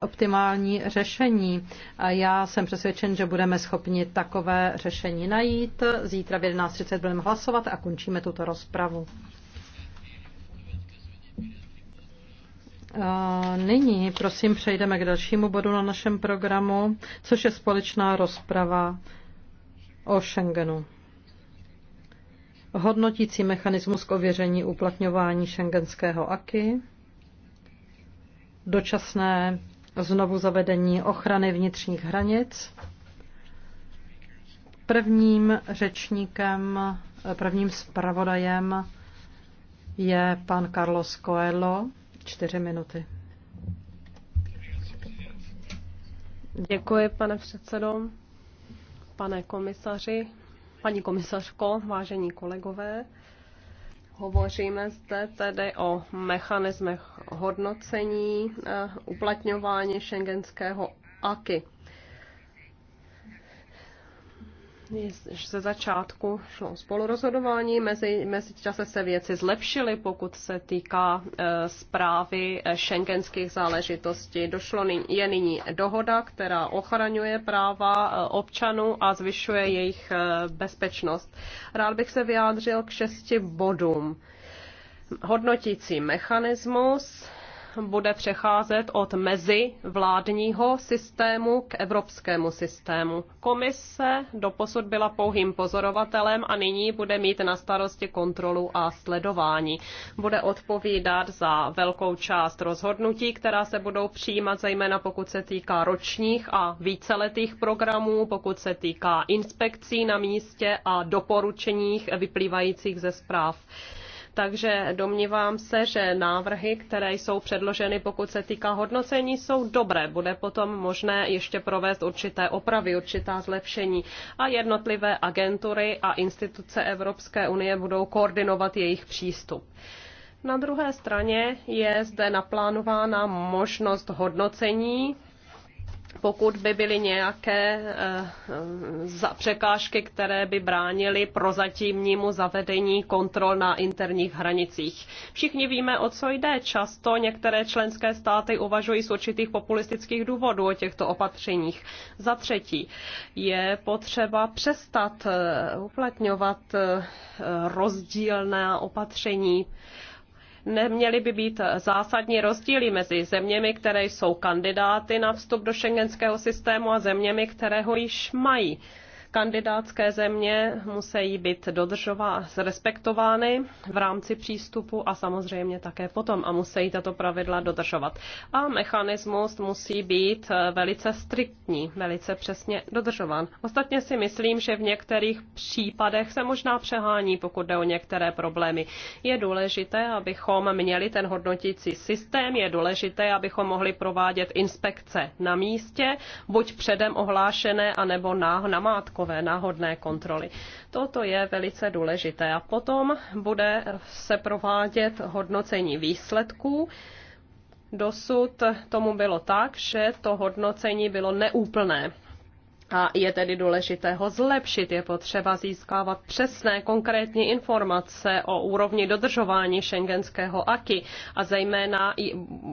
optimální řešení. A já jsem přesvědčen, že budeme schopni takové řešení najít. Zítra v 11.30 budeme hlasovat a končíme tuto rozpravu. A nyní prosím přejdeme k dalšímu bodu na našem programu, což je společná rozprava o Schengenu. Hodnotící mechanismus k ověření uplatňování šengenského aky, dočasné znovu zavedení ochrany vnitřních hranic. Prvním řečníkem, prvním zpravodajem je pan Carlos Coelho. Čtyři minuty. Děkuji, pane předsedo, pane komisaři, paní komisařko, vážení kolegové. Hovoříme zde tedy o mechanismech hodnocení eh, uplatňování šengenského AKY. ze začátku šlo o spolurozhodování, mezi, mezi čase se věci zlepšily, pokud se týká e, zprávy e, šengenských záležitostí. Došlo nyní, je nyní dohoda, která ochraňuje práva e, občanů a zvyšuje jejich e, bezpečnost. Rád bych se vyjádřil k šesti bodům. Hodnotící mechanismus, bude přecházet od mezivládního systému k evropskému systému. Komise doposud byla pouhým pozorovatelem a nyní bude mít na starosti kontrolu a sledování. Bude odpovídat za velkou část rozhodnutí, která se budou přijímat, zejména pokud se týká ročních a víceletých programů, pokud se týká inspekcí na místě a doporučeních vyplývajících ze zpráv takže domnívám se, že návrhy, které jsou předloženy, pokud se týká hodnocení, jsou dobré. Bude potom možné ještě provést určité opravy, určitá zlepšení a jednotlivé agentury a instituce Evropské unie budou koordinovat jejich přístup. Na druhé straně je zde naplánována možnost hodnocení pokud by byly nějaké eh, překážky, které by bránily prozatímnímu zavedení kontrol na interních hranicích. Všichni víme, o co jde. Často některé členské státy uvažují z určitých populistických důvodů o těchto opatřeních. Za třetí, je potřeba přestat eh, uplatňovat eh, rozdílná opatření Neměly by být zásadní rozdíly mezi zeměmi, které jsou kandidáty na vstup do šengenského systému a zeměmi, které ho již mají. Kandidátské země musí být dodržovány, respektovány v rámci přístupu a samozřejmě také potom a musí tato pravidla dodržovat. A mechanismus musí být velice striktní, velice přesně dodržován. Ostatně si myslím, že v některých případech se možná přehání, pokud jde o některé problémy. Je důležité, abychom měli ten hodnotící systém, je důležité, abychom mohli provádět inspekce na místě, buď předem ohlášené, anebo na, na mátku takové náhodné kontroly. Toto je velice důležité. A potom bude se provádět hodnocení výsledků. Dosud tomu bylo tak, že to hodnocení bylo neúplné a je tedy důležité ho zlepšit. Je potřeba získávat přesné, konkrétní informace o úrovni dodržování šengenského AKI a zejména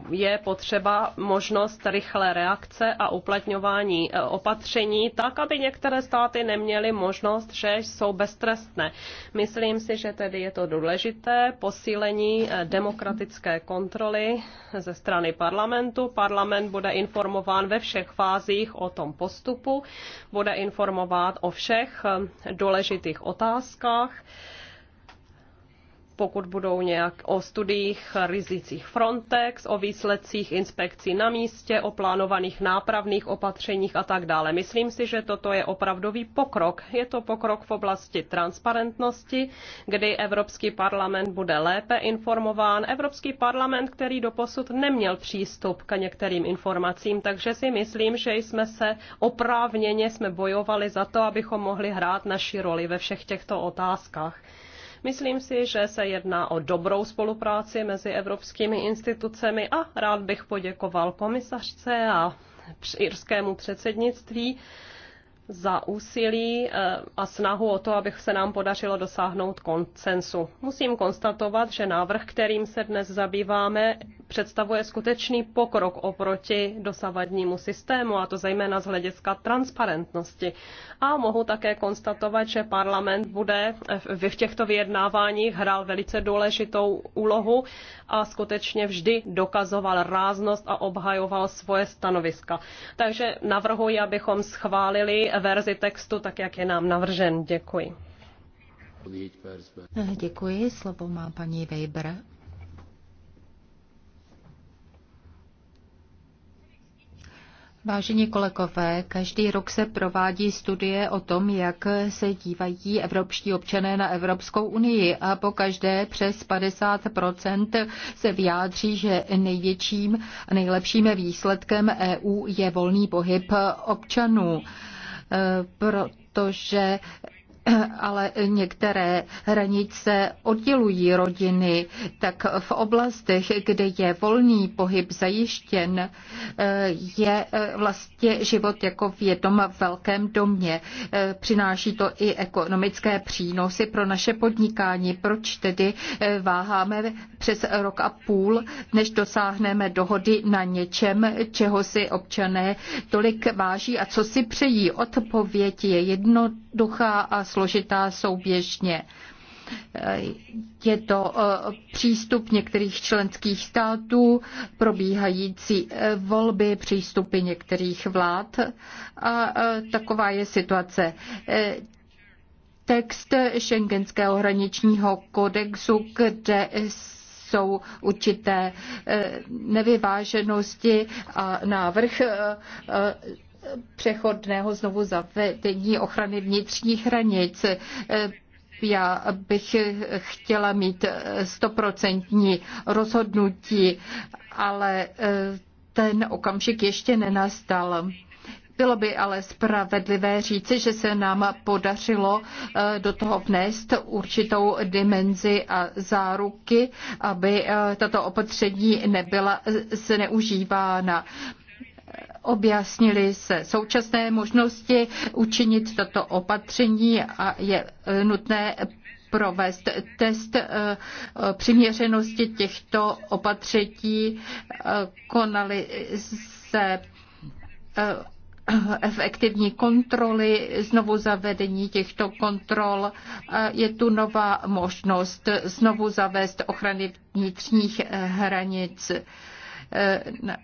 je potřeba možnost rychlé reakce a uplatňování e, opatření tak, aby některé státy neměly možnost, že jsou beztrestné. Myslím si, že tedy je to důležité posílení e, demokratické kontroly ze strany parlamentu. Parlament bude informován ve všech fázích o tom postupu bude informovat o všech eh, důležitých otázkách, pokud budou nějak o studiích rizicích Frontex, o výsledcích inspekcí na místě, o plánovaných nápravných opatřeních a tak dále. Myslím si, že toto je opravdový pokrok. Je to pokrok v oblasti transparentnosti, kdy Evropský parlament bude lépe informován. Evropský parlament, který doposud neměl přístup k některým informacím, takže si myslím, že jsme se oprávněně jsme bojovali za to, abychom mohli hrát naši roli ve všech těchto otázkách. Myslím si, že se jedná o dobrou spolupráci mezi evropskými institucemi a rád bych poděkoval komisařce a irskému předsednictví za úsilí eh, a snahu o to, aby se nám podařilo dosáhnout koncensu. Musím konstatovat, že návrh, kterým se dnes zabýváme, představuje skutečný pokrok oproti dosavadnímu systému, a to zejména z hlediska transparentnosti. A mohu také konstatovat, že parlament bude v těchto vyjednáváních hrál velice důležitou úlohu a skutečně vždy dokazoval ráznost a obhajoval svoje stanoviska. Takže navrhuji, abychom schválili verzi textu, tak jak je nám navržen. Děkuji. Děkuji. Slovo má paní Weber. Vážení kolegové, každý rok se provádí studie o tom, jak se dívají evropští občané na Evropskou unii a po každé přes 50 se vyjádří, že největším a nejlepším výsledkem EU je volný pohyb občanů. Eh, protože ale některé hranice oddělují rodiny, tak v oblastech, kde je volný pohyb zajištěn, je eh, vlastně život jako v jednom velkém domě. Eh, přináší to i ekonomické přínosy pro naše podnikání. Proč tedy eh, váháme přes rok a půl, než dosáhneme dohody na něčem, čeho si občané tolik váží a co si přejí? Odpověď je jednoduchá a složitá souběžně. Je to eh, přístup některých členských států, probíhající eh, volby, přístupy některých vlád a eh, taková je situace. Text šengenského hraničního kodexu, kde jsou určité nevyváženosti a návrh přechodného znovu zavedení ochrany vnitřních hranic. Já bych chtěla mít stoprocentní rozhodnutí, ale e, ten okamžik ještě nenastal. Bylo by ale spravedlivé říci, že se nám podařilo e, do toho vnést určitou dimenzi a záruky, aby e, tato opatření nebyla zneužívána objasnili se současné možnosti učinit toto opatření a je eh, nutné provést test eh, eh, přiměřenosti těchto opatření. Konaly se efektivní kontroly, znovu zavedení těchto kontrol. Je tu nová možnost znovu zavést ochrany vnitřních hranic na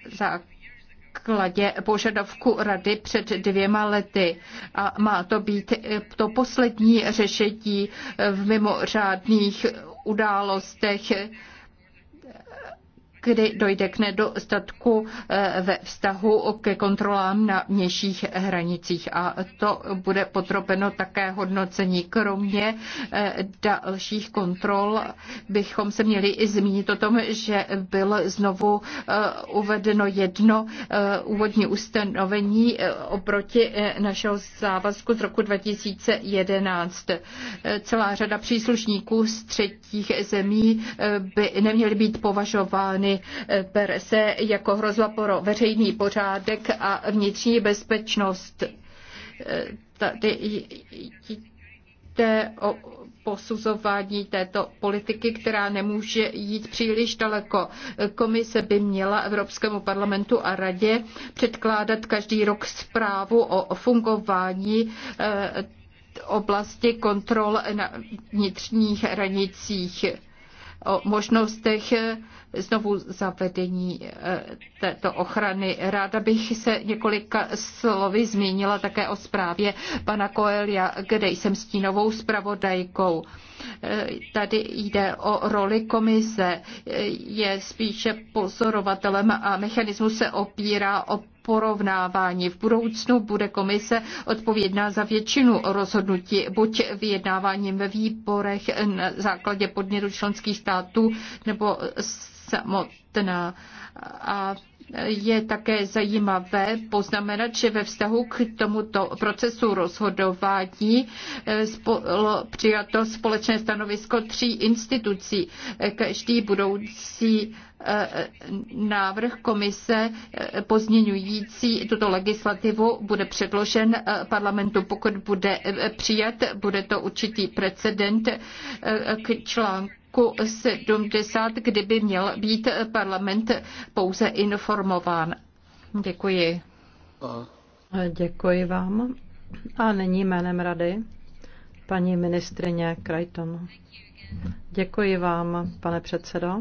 základě požadavku rady před dvěma lety a má to být to poslední řešení v mimořádných událostech kdy dojde k nedostatku eh, ve vztahu ke kontrolám na vnějších hranicích. A to bude potropeno také hodnocení. Kromě eh, dalších kontrol bychom se měli i zmínit o tom, že bylo znovu eh, uvedeno jedno úvodní ustanovení oproti našeho závazku z roku 2011. Celá řada příslušníků z třetích zemí by neměly být považovány Číny bere eh, se jako hrozba pro veřejný pořádek a vnitřní bezpečnost. Eh, Tady jde o posuzování této politiky, která nemůže jít příliš daleko. Komise by měla Evropskému parlamentu a radě předkládat každý rok zprávu o fungování eh, oblasti kontrol na vnitřních hranicích o možnostech eh, znovu zavedení eh, této ochrany. Ráda bych se několika slovy zmínila také o zprávě pana Koelia, kde jsem stínovou zpravodajkou. Eh, tady jde o roli komise, je spíše pozorovatelem a mechanismus se opírá o porovnávání. V budoucnu bude komise odpovědná za většinu rozhodnutí, buď vyjednáváním ve výborech na základě podnětu členských států, nebo samotná. A je také zajímavé poznamenat, že ve vztahu k tomuto procesu rozhodování bylo eh, přijato společné stanovisko tří institucí. Každý budoucí eh, návrh komise eh, pozměňující tuto legislativu bude předložen parlamentu. Pokud bude přijat, bude to určitý precedent k článku článku 70, kdyby měl být parlament pouze informován. Děkuji. Děkuji vám. A nyní jménem rady paní ministrině Krajton. Děkuji vám, pane předsedo.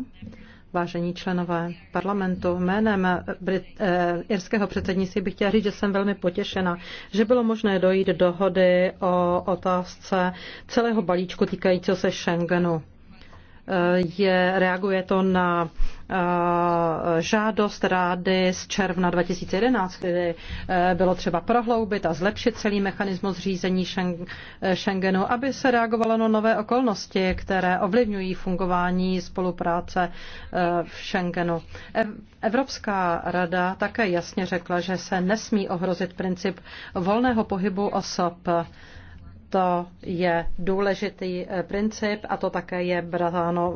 Vážení členové parlamentu, jménem eh, Brit, eh, irského předsednictví bych chtěla říct, že jsem velmi potěšena, že bylo možné dojít dohody o otázce celého balíčku týkajícího se Schengenu je, reaguje to na eh, žádost rády z června 2011, kdy eh, bylo třeba prohloubit a zlepšit celý mechanismus řízení eh, Schengenu, aby se reagovalo na nové okolnosti, které ovlivňují fungování spolupráce v Schengenu. Evropská rada také jasně řekla, že se nesmí ohrozit princip volného pohybu osob to je důležitý eh, princip a to také je bráno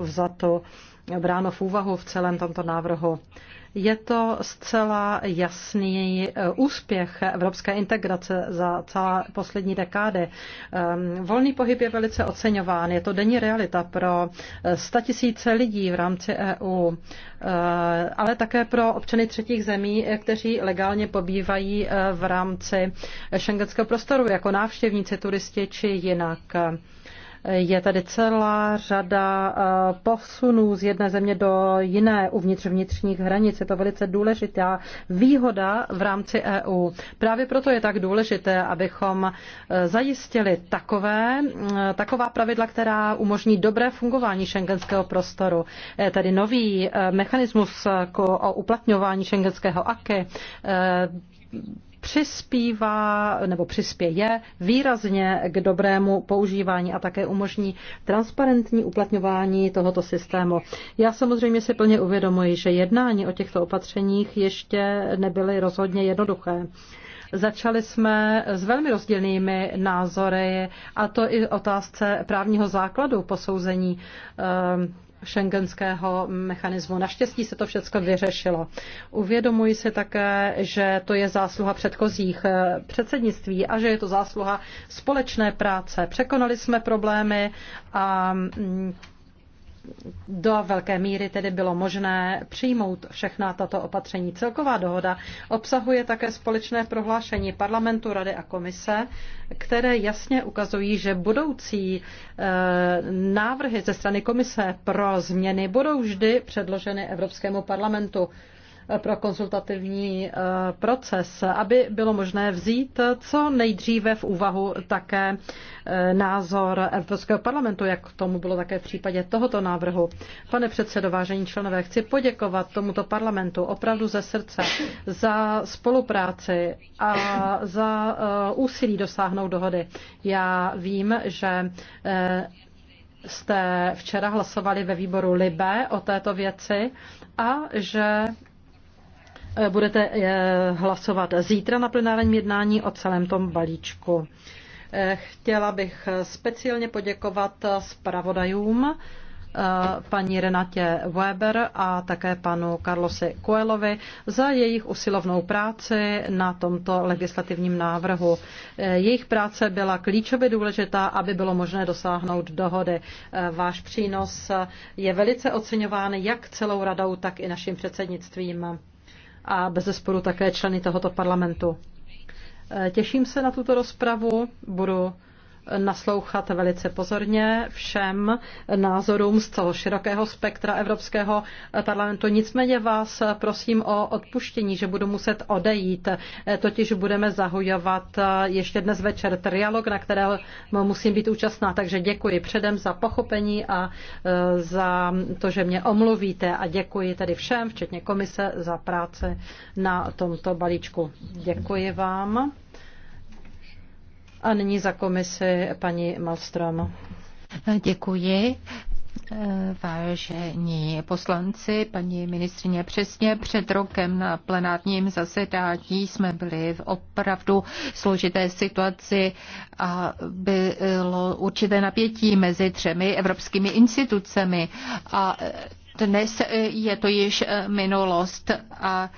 bráno v úvahu v celém tomto návrhu. Je to zcela jasný eh, úspěch evropské integrace za celá poslední dekády. Ehm, volný pohyb je velice oceňován. Je to denní realita pro eh, statisíce lidí v rámci EU, eh, ale také pro občany třetích zemí, kteří legálně pobývají v rámci šengenského prostoru jako návštěvníci, turisti či jinak. Je tady celá řada eh, posunů z jedné země do jiné uvnitř vnitřních hranic. Je to velice důležitá výhoda v rámci EU. Právě proto je tak důležité, abychom eh, zajistili takové, eh, taková pravidla, která umožní dobré fungování šengenského prostoru. Je tady nový mechanismus o uplatňování šengenského AKE přispívá nebo přispěje výrazně k dobrému používání a také umožní transparentní uplatňování tohoto systému. Já samozřejmě si plně uvědomuji, že jednání o těchto opatřeních ještě nebyly rozhodně jednoduché. Začali jsme s velmi rozdílnými názory, a to i otázce právního základu posouzení šengenského mechanismu. Naštěstí se to všechno vyřešilo. Uvědomuji si také, že to je zásluha předchozích eh, předsednictví a že je to zásluha společné práce. Překonali jsme problémy a mm, do velké míry tedy bylo možné přijmout všechna tato opatření. Celková dohoda obsahuje také společné prohlášení parlamentu, rady a komise, které jasně ukazují, že budoucí eh, návrhy ze strany komise pro změny budou vždy předloženy Evropskému parlamentu pro konzultativní eh, proces, aby bylo možné vzít co nejdříve v úvahu také eh, názor Evropského parlamentu, jak tomu bylo také v případě tohoto návrhu. Pane předsedo, vážení členové, chci poděkovat tomuto parlamentu opravdu ze srdce za spolupráci a za eh, úsilí dosáhnout dohody. Já vím, že jste včera hlasovali ve výboru Libe o této věci a že Eh, budete eh, hlasovat zítra na plenárním jednání o celém tom balíčku. Eh, chtěla bych speciálně poděkovat zpravodajům paní Renatě Weber a také panu Carlosi Coelovi za jejich usilovnou práci na tomto legislativním návrhu. Jejich práce byla klíčově důležitá, aby bylo možné dosáhnout dohody. Váš přínos je velice oceňován jak celou radou, tak i naším předsednictvím a bez zesporu také členy tohoto parlamentu. E, těším se na tuto rozpravu, budu naslouchat velice pozorně všem názorům z toho širokého spektra Evropského parlamentu. Nicméně vás prosím o odpuštění, že budu muset odejít, totiž budeme zahujovat ještě dnes večer trialog, na kterém musím být účastná, takže děkuji předem za pochopení a e, za to, že mě omluvíte a děkuji tedy všem, včetně komise, za práce na tomto balíčku. Děkuji vám. A nyní za komisi paní Malstrom. Děkuji. Vážení poslanci, paní ministrině, přesně před rokem na plenárním zasedání jsme byli v opravdu složité situaci a bylo určité napětí mezi třemi evropskými institucemi a dnes eh, je to již eh, minulost a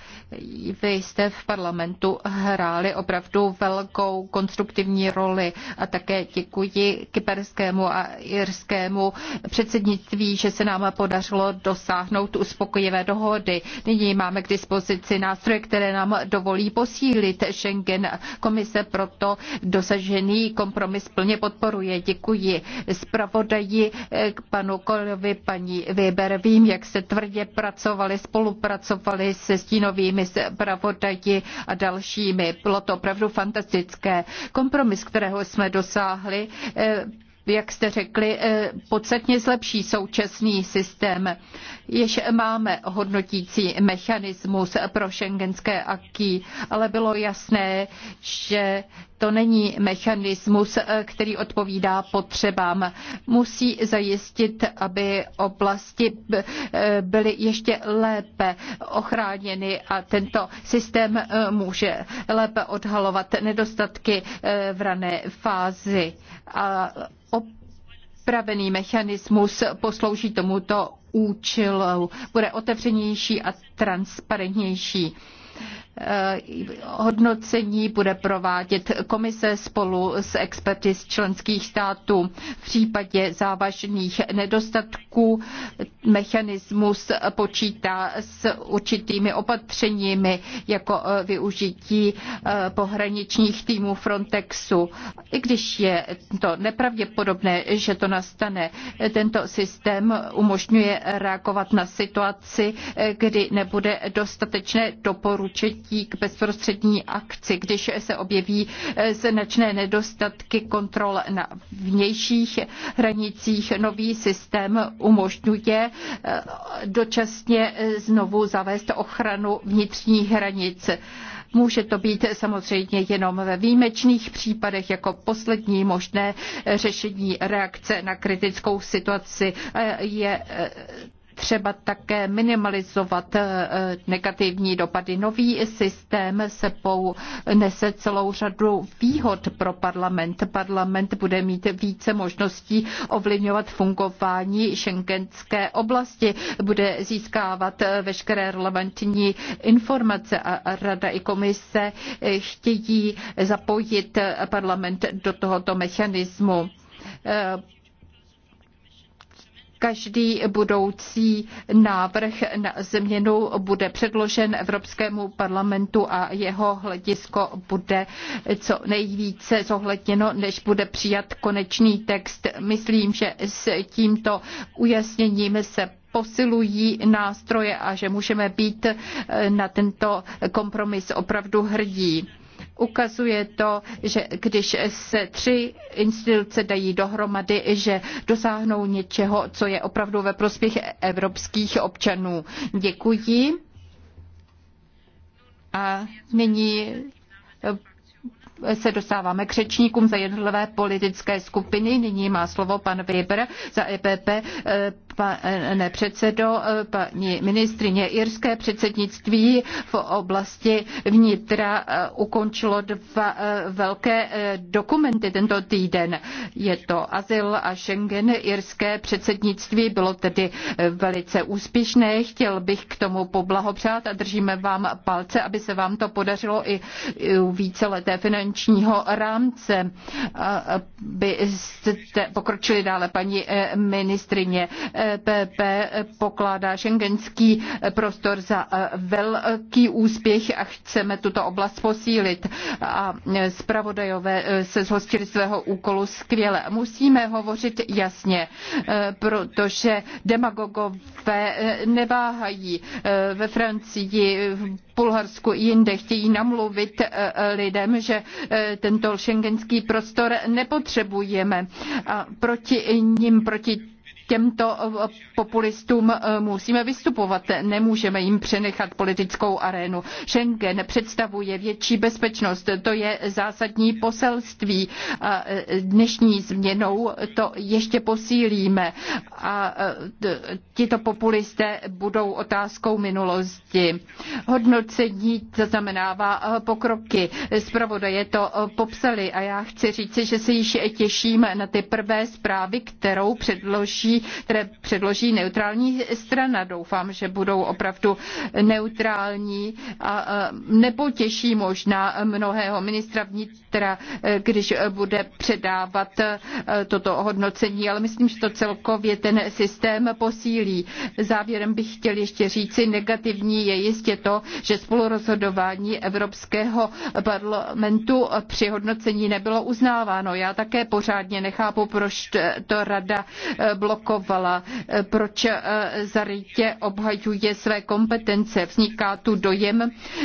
vy jste v parlamentu hráli opravdu velkou konstruktivní roli a také děkuji kyperskému a irskému předsednictví, že se nám podařilo dosáhnout uspokojivé dohody. Nyní máme k dispozici nástroje, které nám dovolí posílit Schengen. Komise proto dosažený kompromis plně podporuje. Děkuji zpravodaji eh, panu Kolovi, paní Weber. Vím, tím, jak se tvrdě pracovali, spolupracovali se stínovými zpravodaji a dalšími. Bylo to opravdu fantastické. Kompromis, kterého jsme dosáhli, eh, jak jste řekli, eh, podstatně zlepší současný systém. jež máme hodnotící mechanismus pro šengenské aký, ale bylo jasné, že to není mechanismus, eh, který odpovídá potřebám. Musí zajistit, aby oblasti eh, byly ještě lépe ochráněny a tento systém může lépe odhalovat nedostatky v rané fázi. A opravený mechanismus poslouží tomuto účelu, bude otevřenější a transparentnější. Eh, hodnocení bude provádět komise spolu s experty z členských států. V případě závažných nedostatků mechanismus počítá s určitými opatřeními, jako eh, využití eh, pohraničních týmů Frontexu. I když je to nepravděpodobné, že to nastane, tento systém umožňuje reagovat na situaci, kdy nebude dostatečné doporučení přijetí k bezprostřední akci, když se objeví eh, značné nedostatky kontrol na vnějších hranicích. Nový systém umožňuje eh, dočasně eh, znovu zavést ochranu vnitřních hranic. Může to být samozřejmě jenom ve výjimečných případech jako poslední možné řešení reakce na kritickou situaci. Je třeba také minimalizovat eh, negativní dopady. Nový systém sebou nese celou řadu výhod pro parlament. Parlament bude mít více možností ovlivňovat fungování šengenské oblasti, bude získávat eh, veškeré relevantní informace a rada i komise eh, chtějí zapojit parlament do tohoto mechanismu Každý budoucí návrh na změnu bude předložen Evropskému parlamentu a jeho hledisko bude co nejvíce zohledněno, než bude přijat konečný text. Myslím, že s tímto ujasněním se posilují nástroje a že můžeme být na tento kompromis opravdu hrdí. Ukazuje to, že když se tři instituce dají dohromady, že dosáhnou něčeho, co je opravdu ve prospěch evropských občanů. Děkuji. A nyní eh, se dostáváme k řečníkům za jednotlivé politické skupiny. Nyní má slovo pan Weber za EPP Pane předsedo, paní ministrině Irské předsednictví v oblasti vnitra eh, ukončilo dva eh, velké eh, dokumenty tento týden. Je to azyl a Schengen. Irské předsednictví bylo tedy velice úspěšné. Chtěl bych k tomu poblahopřát a držíme vám palce, aby se vám to podařilo i u víceleté finančního rámce. jste pokročili dále, paní ministrině EPP pokládá šengenský prostor za e, velký úspěch a chceme tuto oblast posílit. A zpravodajové e, se zhostili svého úkolu skvěle. Musíme hovořit jasně, e, protože demagogové neváhají ve Francii, v Bulharsku i jinde chtějí namluvit lidem, že tento šengenský prostor nepotřebujeme. A proti ním, proti těmto eh, populistům eh, musíme vystupovat. Nemůžeme jim přenechat politickou arénu. Schengen představuje větší bezpečnost. To je zásadní poselství. A eh, dnešní změnou to ještě posílíme. A tito populisté budou otázkou minulosti. Hodnocení zaznamenává pokroky. Zpravodaje to popsali a já chci říci, že se již těším na ty prvé zprávy, kterou předloží které předloží neutrální strana. Doufám, že budou opravdu neutrální a nepotěší možná mnohého ministra vnitra, když bude předávat toto hodnocení, ale myslím, že to celkově ten systém posílí. Závěrem bych chtěl ještě říci, negativní je jistě to, že spolurozhodování Evropského parlamentu při hodnocení nebylo uznáváno. Já také pořádně nechápu, proč to rada blokuje zablokovala, eh, proč eh, zarytě obhajuje své kompetence. Vzniká tu dojem,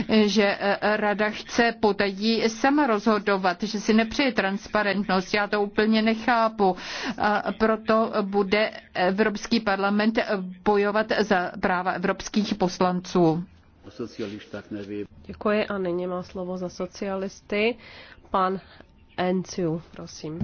eh, že rada chce podají sama rozhodovat, že si nepřeje transparentnost. Já to úplně nechápu. A proto bude Evropský parlament bojovat za práva evropských poslanců. Děkuji a nyní má slovo za socialisty pan Enciu, prosím.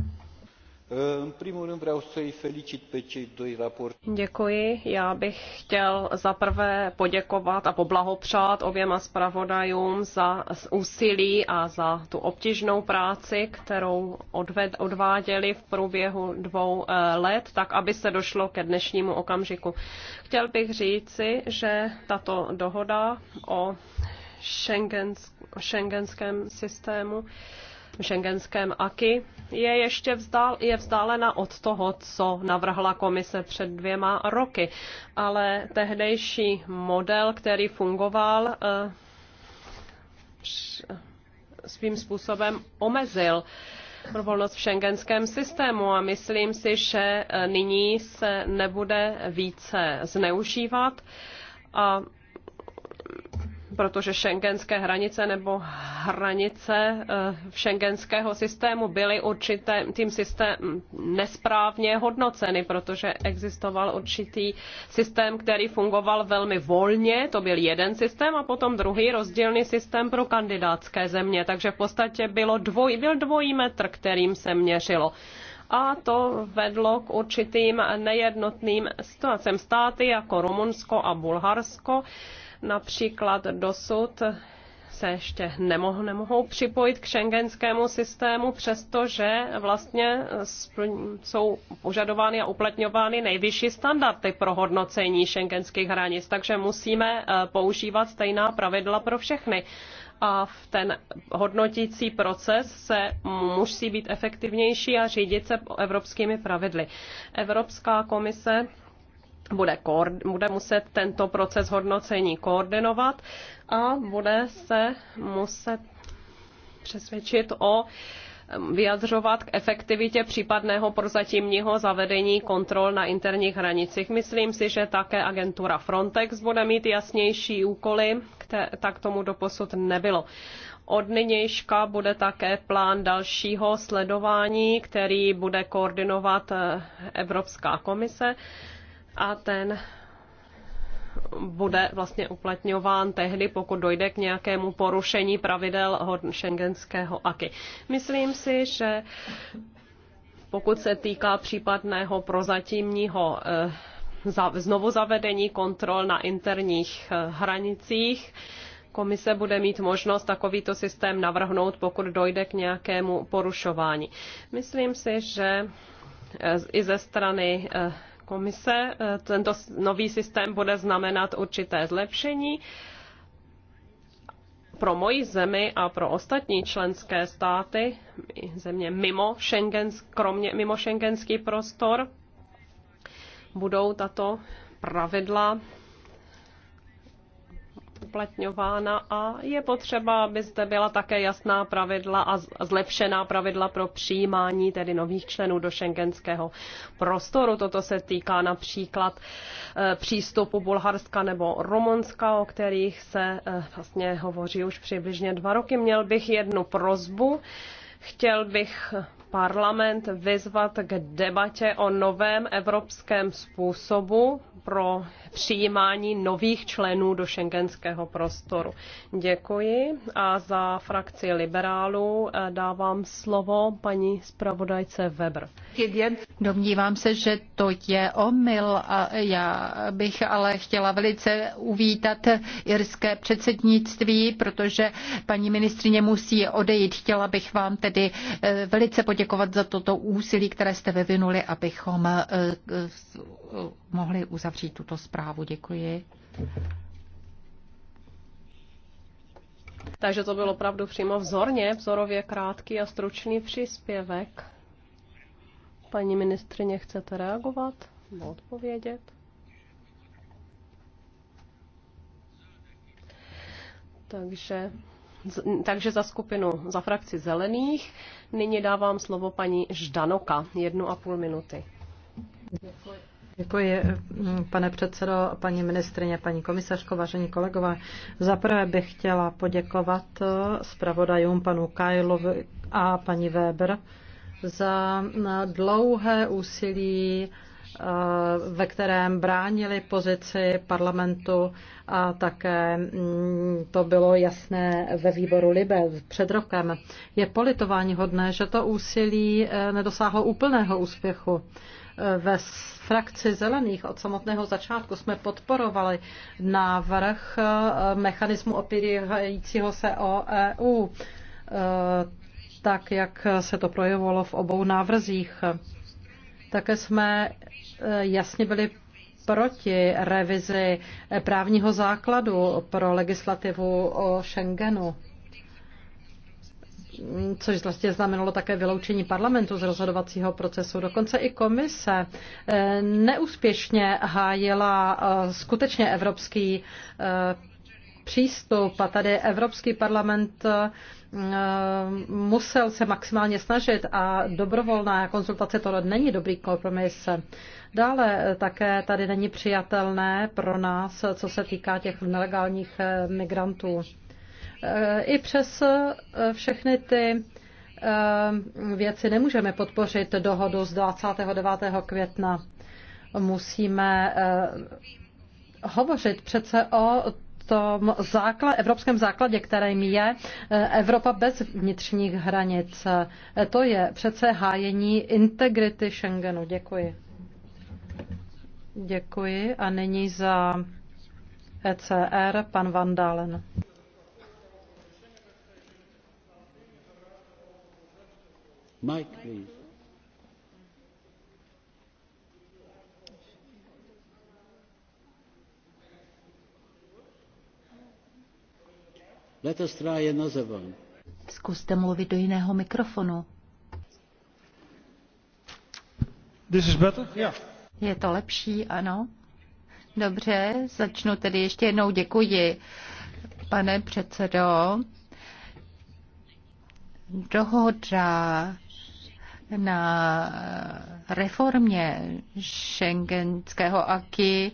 Děkuji. Já bych chtěl zaprvé poděkovat a poblahopřát oběma zpravodajům za úsilí a za tu obtížnou práci, kterou odved, odváděli v průběhu dvou eh, let, tak aby se došlo ke dnešnímu okamžiku. Chtěl bych říci, že tato dohoda o šengenském systému, šengenském AKI, je ještě vzdál, je vzdálena od toho, co navrhla komise před dvěma roky. Ale tehdejší model, který fungoval, eh, svým způsobem omezil volnost v šengenském systému a myslím si, že eh, nyní se nebude více zneužívat a protože šengenské hranice nebo hranice v eh, šengenského systému byly určité tím systém nesprávně hodnoceny, protože existoval určitý systém, který fungoval velmi volně, to byl jeden systém a potom druhý rozdílný systém pro kandidátské země, takže v podstatě bylo dvoj, byl dvojí metr, kterým se měřilo a to vedlo k určitým nejednotným situacím. Státy jako Rumunsko a Bulharsko Například dosud se ještě nemohou, nemohou připojit k šengenskému systému, přestože vlastně jsou požadovány a uplatňovány nejvyšší standardy pro hodnocení šengenských hranic, takže musíme eh, používat stejná pravidla pro všechny. A v ten hodnotící proces se musí být efektivnější a řídit se evropskými pravidly. Evropská komise bude, bude muset tento proces hodnocení koordinovat a bude se muset přesvědčit o vyjadřovat k efektivitě případného prozatímního zavedení kontrol na interních hranicích. Myslím si, že také agentura Frontex bude mít jasnější úkoly, které tak tomu doposud nebylo. Od nynějška bude také plán dalšího sledování, který bude koordinovat e, Evropská komise a ten bude vlastně uplatňován tehdy, pokud dojde k nějakému porušení pravidel šengenského AKY. Myslím si, že pokud se týká případného prozatímního eh, znovu zavedení kontrol na interních eh, hranicích, komise bude mít možnost takovýto systém navrhnout, pokud dojde k nějakému porušování. Myslím si, že eh, i ze strany komise. Eh, tento nový systém bude znamenat určité zlepšení pro moji zemi a pro ostatní členské státy, země mimo, Schengensk, kromě, mimo šengenský prostor, budou tato pravidla uplatňována a je potřeba, aby zde byla také jasná pravidla a zlepšená pravidla pro přijímání tedy nových členů do šengenského prostoru. Toto se týká například eh, přístupu Bulharska nebo Rumunska, o kterých se eh, vlastně hovoří už přibližně dva roky. Měl bych jednu prozbu. Chtěl bych parlament vyzvat k debatě o novém evropském způsobu pro přijímání nových členů do šengenského prostoru. Děkuji a za frakci liberálů eh, dávám slovo paní zpravodajce Weber. Domnívám se, že to je omyl a já bych ale chtěla velice uvítat irské předsednictví, protože paní ministrině musí odejít. Chtěla bych vám tedy eh, velice poděkovat poděkovat za toto úsilí, které jste vyvinuli, abychom eh, eh, mohli uzavřít tuto zprávu. Děkuji. Takže to bylo opravdu přímo vzorně, vzorově krátký a stručný příspěvek. Paní ministrině, chcete reagovat nebo odpovědět? Takže takže za skupinu, za frakci zelených. Nyní dávám slovo paní Ždanoka, jednu a půl minuty. Děkuji. Mm, pane předsedo, paní ministrině, paní komisařko, vážení kolegové. Zaprvé bych chtěla poděkovat eh, zpravodajům panu Kajlovi a paní Weber za mm, dlouhé úsilí Eh, ve kterém bránili pozici parlamentu a také mm, to bylo jasné ve výboru Libe před rokem. Je politování hodné, že to úsilí eh, nedosáhlo úplného úspěchu. Eh, ve frakci zelených od samotného začátku jsme podporovali návrh mechanismu opírajícího se o EU, tak jak se to projevovalo v obou návrzích. Také jsme Eh, jasně byli proti revizi právního základu pro legislativu o Schengenu což vlastně znamenalo také vyloučení parlamentu z rozhodovacího procesu. Dokonce i komise eh, neúspěšně hájila eh, skutečně evropský přístup a tady Evropský parlament eh, musel se maximálně snažit a dobrovolná konzultace to není dobrý kompromis. Dále také tady není přijatelné pro nás, co se týká těch nelegálních eh, migrantů. Eh, I přes všechny ty věci nemůžeme podpořit dohodu z 29. května. Musíme hovořit přece o tom základ, evropském základě, kterým je e, Evropa bez vnitřních hranic. E, to je přece hájení integrity Schengenu. Děkuji. Děkuji a nyní za ECR pan Van Dalen. Mike, please. Zkuste mluvit do jiného mikrofonu. This is better? Yeah. Je to lepší, ano. Dobře, začnu tedy ještě jednou. Děkuji, pane předsedo. Dohoda na reformě šengenského aky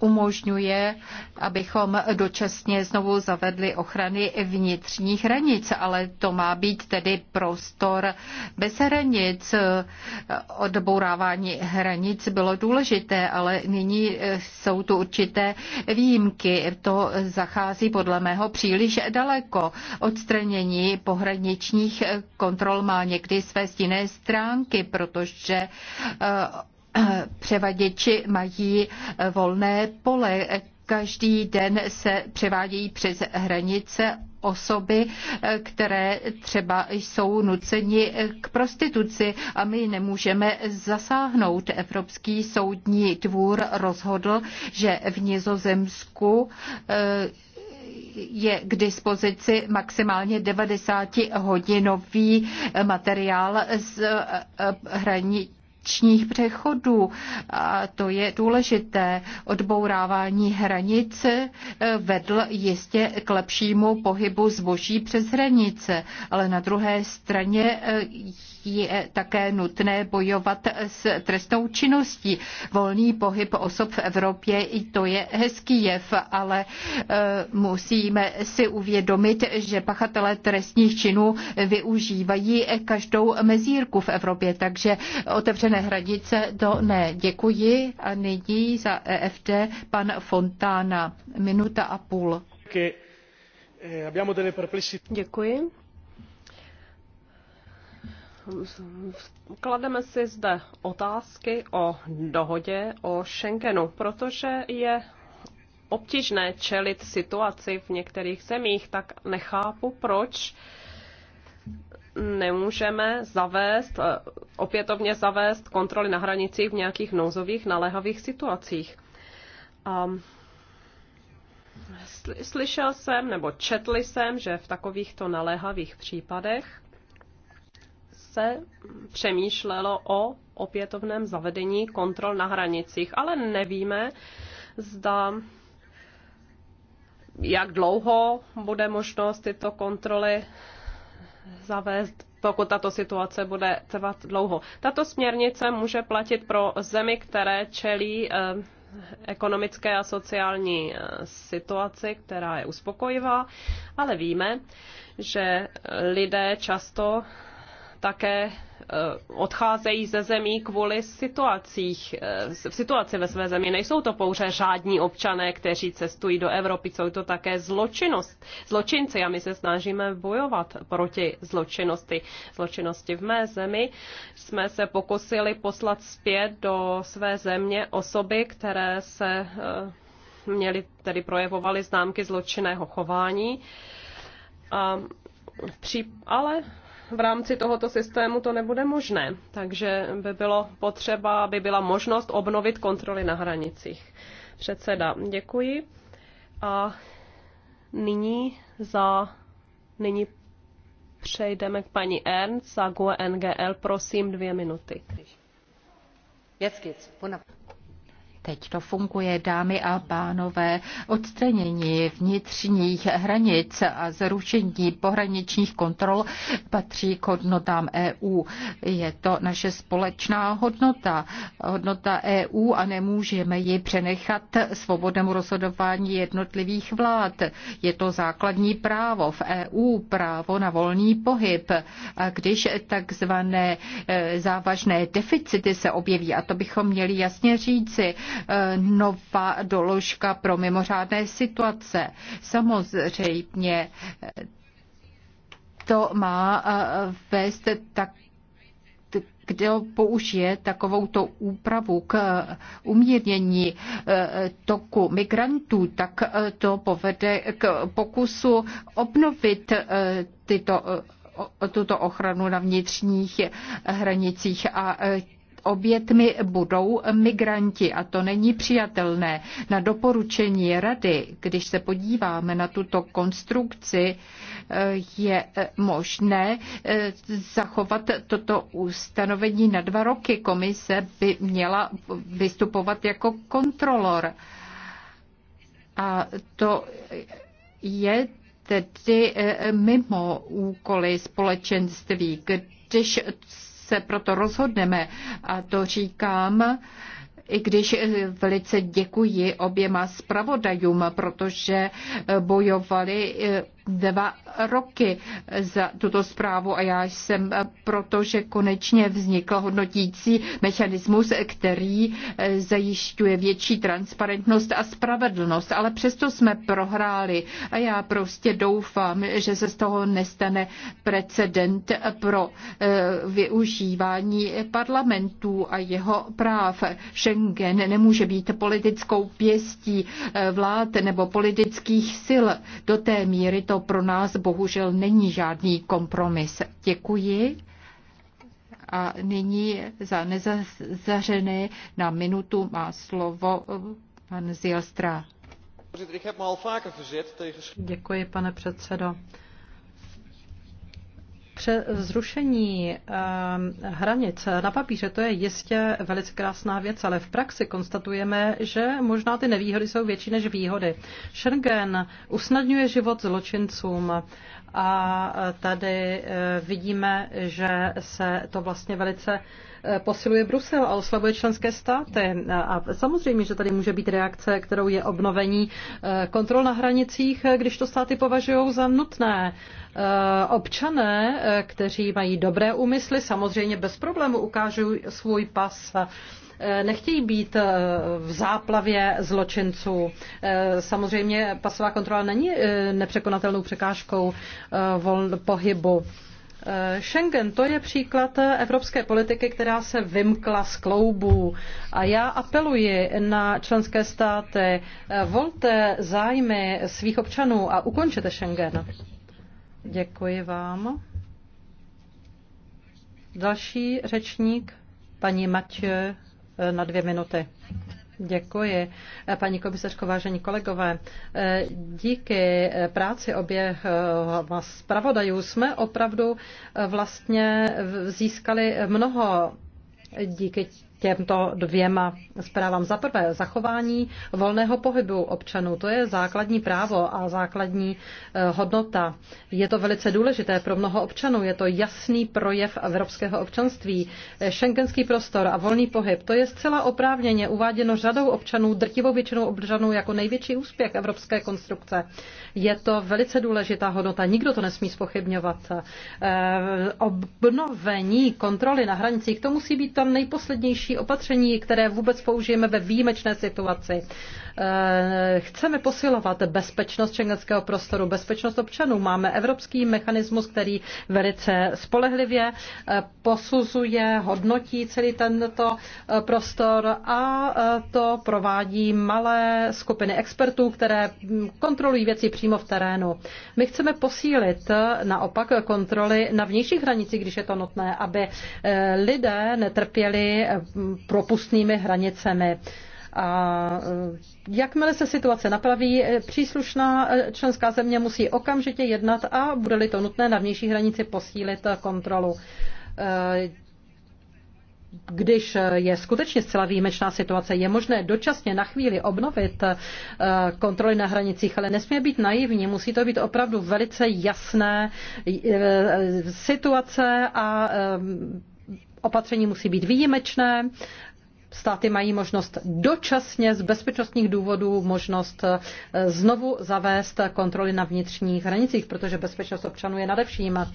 umožňuje, abychom dočasně znovu zavedli ochrany vnitřních hranic, ale to má být tedy prostor bez hranic. Odbourávání hranic bylo důležité, ale nyní jsou tu určité výjimky. To zachází podle mého příliš daleko. Odstranění pohraničních kontrol má někdy své stinné stránky, protože převaděči mají e, volné pole. Každý den se převádějí přes hranice osoby, e, které třeba jsou nuceni k prostituci a my nemůžeme zasáhnout. Evropský soudní dvůr rozhodl, že v Nizozemsku e, je k dispozici maximálně 90 hodinový materiál z hranic hraničních přechodů. A to je důležité. Odbourávání hranic eh, vedl jistě k lepšímu pohybu zboží přes hranice, ale na druhé straně eh, je také nutné bojovat s trestnou činností. Volný pohyb osob v Evropě, i to je hezký jev, ale e, musíme si uvědomit, že pachatelé trestních činů využívají každou mezírku v Evropě, takže otevřené hranice to ne. Děkuji a nyní za EFD pan Fontána. Minuta a půl. Děkuji klademe si zde otázky o dohodě o Schengenu, protože je obtížné čelit situaci v některých zemích, tak nechápu, proč nemůžeme zavést, opětovně zavést kontroly na hranicích v nějakých nouzových naléhavých situacích. A slyšel jsem nebo četl jsem, že v takovýchto naléhavých případech se přemýšlelo o opětovném zavedení kontrol na hranicích, ale nevíme, zda jak dlouho bude možnost tyto kontroly zavést, pokud tato situace bude trvat dlouho. Tato směrnice může platit pro zemi, které čelí eh, ekonomické a sociální eh, situaci, která je uspokojivá, ale víme, že lidé často také eh, odcházejí ze zemí kvůli situacích, eh, situaci ve své zemi. Nejsou to pouze řádní občané, kteří cestují do Evropy, jsou to také zločinost, zločinci a my se snažíme bojovat proti zločinnosti. Zločinnosti v mé zemi jsme se pokusili poslat zpět do své země osoby, které se eh, měly, tedy projevovaly známky zločinného chování. A, ale v rámci tohoto systému to nebude možné, takže by bylo potřeba, aby byla možnost obnovit kontroly na hranicích. Předseda, děkuji. A nyní za nyní přejdeme k paní Ernst za GUE NGL. Prosím, dvě minuty. Jetzt geht's. Teď to funguje, dámy a pánové. Odstranění vnitřních hranic a zrušení pohraničních kontrol patří k hodnotám EU. Je to naše společná hodnota, hodnota EU a nemůžeme ji přenechat svobodnému rozhodování jednotlivých vlád. Je to základní právo v EU, právo na volný pohyb. A když takzvané e, závažné deficity se objeví, a to bychom měli jasně říci, nová doložka pro mimořádné situace. Samozřejmě to má eh, vést tak kdo použije takovouto úpravu k eh, umírnění eh, toku migrantů, tak to povede k pokusu obnovit tyto, tuto ochranu na vnitřních hranicích a obětmi budou migranti a to není přijatelné. Na doporučení rady, když se podíváme na tuto konstrukci, je možné eh, zachovat toto ustanovení na dva roky. Komise by měla vystupovat jako kontrolor. A to je tedy eh, mimo úkoly společenství, když se proto rozhodneme. A to říkám, i když eh, velice děkuji oběma zpravodajům, protože eh, bojovali eh, dva roky za tuto zprávu a já jsem proto, že konečně vznikl hodnotící mechanismus, který eh, zajišťuje větší transparentnost a spravedlnost, ale přesto jsme prohráli a já prostě doufám, že se z toho nestane precedent pro eh, využívání parlamentů a jeho práv. Schengen nemůže být politickou pěstí eh, vlád nebo politických sil do té míry to to pro nás bohužel není žádný kompromis. Děkuji. A nyní za nezařené na minutu má slovo eh, pan Zilstra. Děkuji, pane předsedo pře- zrušení eh, hranic na papíře, to je jistě velice krásná věc, ale v praxi konstatujeme, že možná ty nevýhody jsou větší než výhody. Schengen usnadňuje život zločincům a tady eh, vidíme, že se to vlastně velice Eh, posiluje Brusel a oslabuje členské státy. Eh, a samozřejmě, že tady může být reakce, kterou je obnovení eh, kontrol na hranicích, když to státy považují za nutné. Občané, kteří mají dobré úmysly, samozřejmě bez problému ukážou svůj pas nechtějí být v záplavě zločinců. Samozřejmě pasová kontrola není nepřekonatelnou překážkou pohybu. Eh, Schengen to je příklad eh, evropské politiky, která se vymkla z kloubů. A já apeluji na členské státy, eh, volte zájmy svých občanů a ukončete Schengen. Děkuji vám. Další řečník, paní Matě, na dvě minuty. Děkuji, paní komisařko, vážení kolegové. Díky práci obě zpravodajů jsme opravdu vlastně získali mnoho díky těmto dvěma zprávám. Za prvé, zachování volného pohybu občanů. To je základní právo a základní eh, hodnota. Je to velice důležité pro mnoho občanů. Je to jasný projev evropského občanství. Eh, Schengenský prostor a volný pohyb, to je zcela oprávněně uváděno řadou občanů, drtivou většinou občanů jako největší úspěch evropské konstrukce. Je to velice důležitá hodnota. Nikdo to nesmí spochybňovat. Eh, obnovení kontroly na hranicích, to musí být tam nejposlednější další opatření, které vůbec použijeme ve výjimečné situaci. Eh, chceme posilovat bezpečnost šengenského prostoru, bezpečnost občanů. Máme evropský mechanismus, který velice spolehlivě eh, posuzuje, hodnotí celý tento eh, prostor a to provádí malé skupiny expertů, které hm, kontrolují věci přímo v terénu. My chceme posílit naopak kontroly na vnějších hranicích, když je to nutné, aby lidé netrpěli propustnými hranicemi. A e, jakmile se situace napraví, e, příslušná e, členská země musí okamžitě jednat a bude-li to nutné na vnější hranici posílit kontrolu když je skutečně zcela výjimečná situace, je možné dočasně na chvíli obnovit kontroly na hranicích, ale nesmí být naivní, musí to být opravdu velice jasné situace a opatření musí být výjimečné, státy mají možnost dočasně z bezpečnostních důvodů možnost eh, znovu zavést kontroly na vnitřních hranicích, protože bezpečnost občanů je nadevším.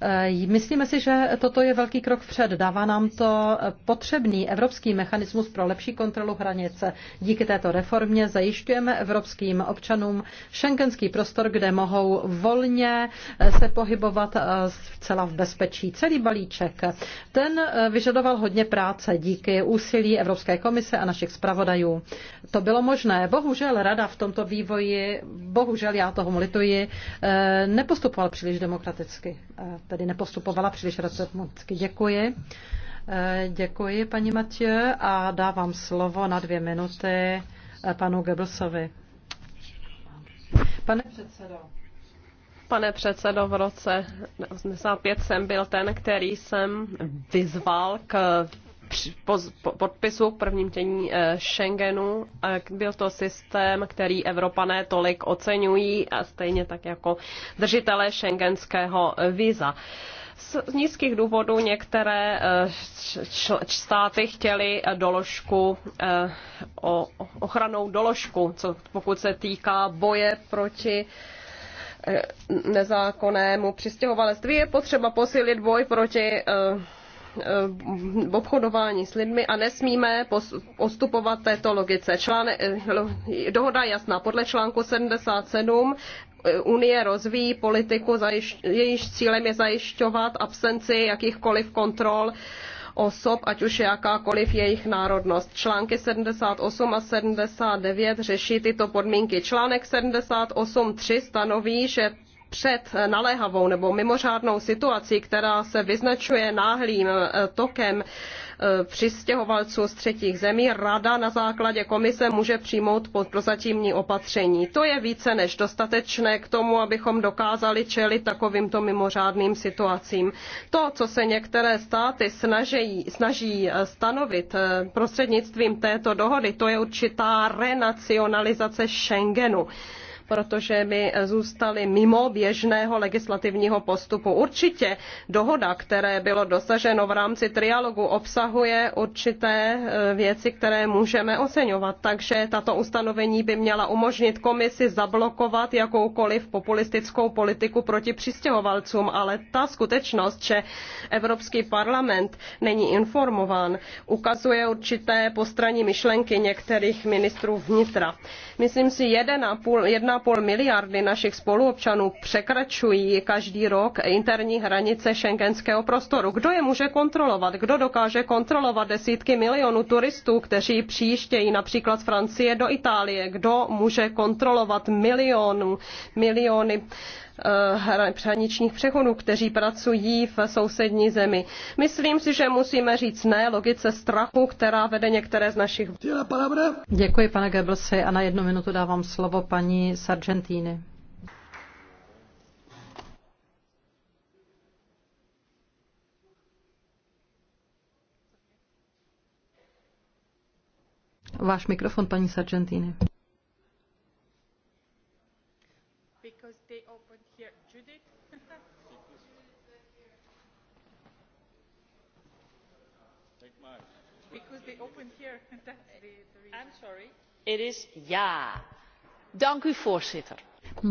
Eh, myslíme si, že toto je velký krok vpřed. Dává nám to potřebný evropský mechanismus pro lepší kontrolu hranice. Díky této reformě zajišťujeme evropským občanům šengenský prostor, kde mohou volně eh, se pohybovat eh, zcela v bezpečí. Celý balíček. Ten vyžadoval hodně práce díky úsilí Evropské komise a našich zpravodajů. To bylo možné. Bohužel rada v tomto vývoji, bohužel já toho lituji, nepostupoval příliš demokraticky tady nepostupovala příliš racionálně. Děkuji. Eh, děkuji, paní Matě, a dávám slovo na dvě minuty eh, panu Goebbelsovi. Pane předsedo. Pane předsedo, v roce 1985 jsem byl ten, který jsem vyzval k podpisu eh, k prvním tění Schengenu. Byl to systém, který Evropané tolik oceňují a stejně tak jako držitele šengenského eh, víza. Z nízkých důvodů některé eh, státy chtěly doložku, o ochranou doložku, co pokud se týká boje proti nezákonnému přistěhovalectví. Je potřeba posílit boj proti Eh, obchodování s lidmi a nesmíme postupovat této logice. Článe, eh, dohoda je jasná. Podle článku 77 eh, Unie rozvíjí politiku, jejíž cílem je zajišťovat absenci jakýchkoliv kontrol osob, ať už je jakákoliv jejich národnost. Články 78 a 79 řeší tyto podmínky. Článek 78.3 stanoví, že před naléhavou nebo mimořádnou situací, která se vyznačuje náhlým eh, tokem eh, přistěhovalců z třetích zemí, Rada na základě komise může přijmout prozatímní opatření. To je více než dostatečné k tomu, abychom dokázali čelit takovýmto mimořádným situacím. To, co se některé státy snaží, snaží eh, stanovit prostřednictvím této dohody, to je určitá renacionalizace Schengenu protože by zůstaly mimo běžného legislativního postupu. Určitě dohoda, které bylo dosaženo v rámci trialogu, obsahuje určité eh, věci, které můžeme oceňovat. Takže tato ustanovení by měla umožnit komisi zablokovat jakoukoliv populistickou politiku proti přistěhovalcům, ale ta skutečnost, že Evropský parlament není informován, ukazuje určité postraní myšlenky některých ministrů vnitra. Myslím si, jedna půl, jedna 1,5 miliardy našich spoluobčanů překračují každý rok interní hranice šengenského prostoru. Kdo je může kontrolovat? Kdo dokáže kontrolovat desítky milionů turistů, kteří přijíždějí například z Francie do Itálie? Kdo může kontrolovat milionu, miliony Eh, hraničních přechodů, kteří pracují v sousední zemi. Myslím si, že musíme říct ne logice strachu, která vede některé z našich. Děkuji, pane Goebbelsi, a na jednu minutu dávám slovo paní Sargentini. Váš mikrofon, paní Sargentini.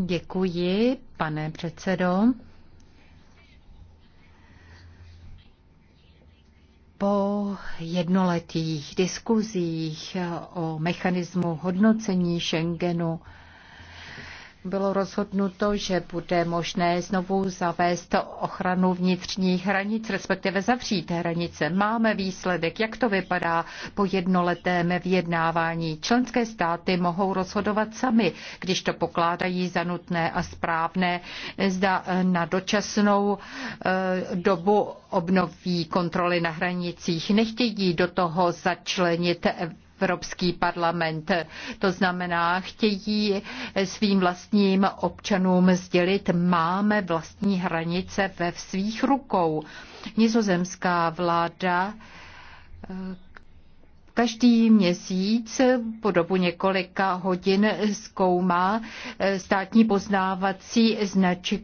Děkuji, pane předsedo. Po jednoletých diskuzích o mechanismu hodnocení Schengenu bylo rozhodnuto, že bude možné znovu zavést ochranu vnitřních hranic, respektive zavřít hranice. Máme výsledek, jak to vypadá po jednoletém vyjednávání. Členské státy mohou rozhodovat sami, když to pokládají za nutné a správné, zda na dočasnou eh, dobu obnoví kontroly na hranicích. Nechtějí do toho začlenit Evropský parlament. To znamená, chtějí svým vlastním občanům sdělit, máme vlastní hranice ve svých rukou. Nizozemská vláda eh, každý měsíc po dobu několika hodin zkoumá eh, státní poznávací značky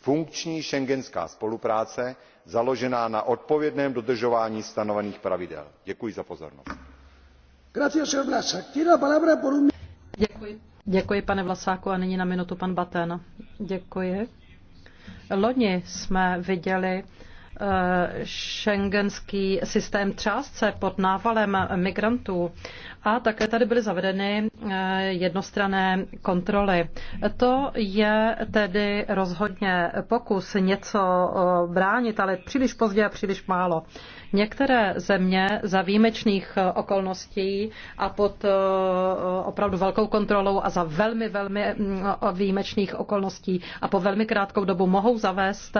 funkční schengenská spolupráce založená na odpovědném dodržování stanovených pravidel. děkuji za pozornost. Děkuji. Děkuji, pane Vlasáku, a na minutu pan Děkuji. Loni jsme viděli Eh, šengenský systém třásce pod návalem migrantů a také tady byly zavedeny eh, jednostrané kontroly. To je tedy rozhodně pokus něco eh, bránit, ale příliš pozdě a příliš málo. Některé země za výjimečných okolností a pod opravdu velkou kontrolou a za velmi, velmi mm, výjimečných okolností a po velmi krátkou dobu mohou zavést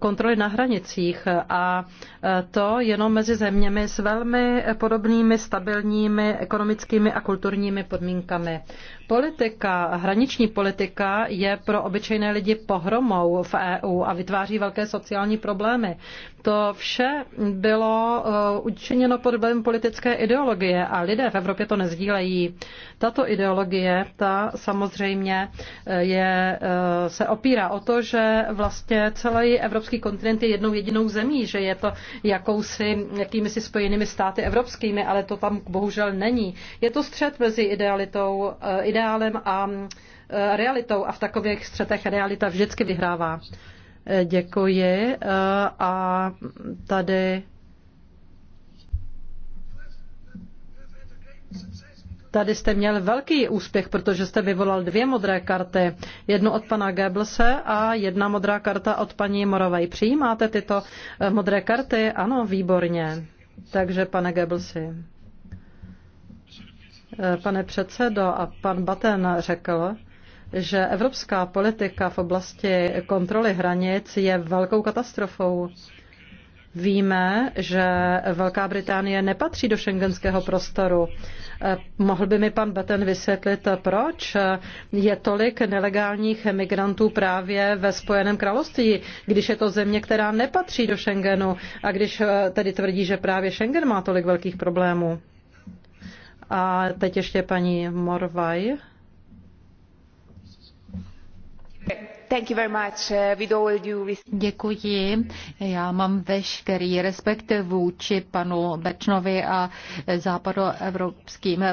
kontroly na hranici financích a e, to jenom mezi zeměmi s velmi podobnými stabilními ekonomickými a kulturními podmínkami politika, hraniční politika je pro obyčejné lidi pohromou v EU a vytváří velké sociální problémy. To vše bylo eh, učiněno vlivem politické ideologie a lidé v Evropě to nezdílejí. Tato ideologie, ta samozřejmě eh, je, eh, se opírá o to, že vlastně celý evropský kontinent je jednou jedinou zemí, že je to jakousi, jakými si spojenými státy evropskými, ale to tam bohužel není. Je to střed mezi idealitou, idealitou ideálem a mm, e, realitou a v takových střetech realita vždycky vyhrává. E, děkuji e, a tady Tady jste měl velký úspěch, protože jste vyvolal dvě modré karty. Jednu od pana Goebbelse a jedna modrá karta od paní Morovej. Přijímáte tyto modré karty? Ano, výborně. Takže, pane Goebbelsi. Pane předsedo a pan Baten řekl, že evropská politika v oblasti kontroly hranic je velkou katastrofou. Víme, že Velká Británie nepatří do šengenského prostoru. Mohl by mi pan Batten vysvětlit, proč je tolik nelegálních migrantů právě ve Spojeném království, když je to země, která nepatří do Schengenu a když tedy tvrdí, že právě Schengen má tolik velkých problémů? A teď ještě paní Morvaj. Děkuji. Já mám veškerý respekt vůči panu Bečnovi a západoevropským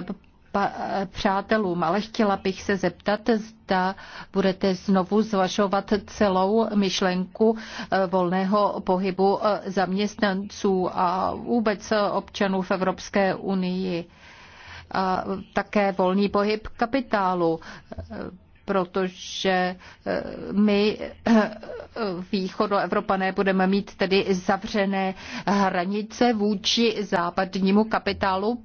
přátelům, ale chtěla bych se zeptat, zda budete znovu zvažovat celou myšlenku eh, volného pohybu eh, zaměstnanců a vůbec občanů v Evropské unii a také volný pohyb kapitálu protože eh, my eh, východoevropané budeme mít tedy zavřené hranice vůči západnímu kapitálu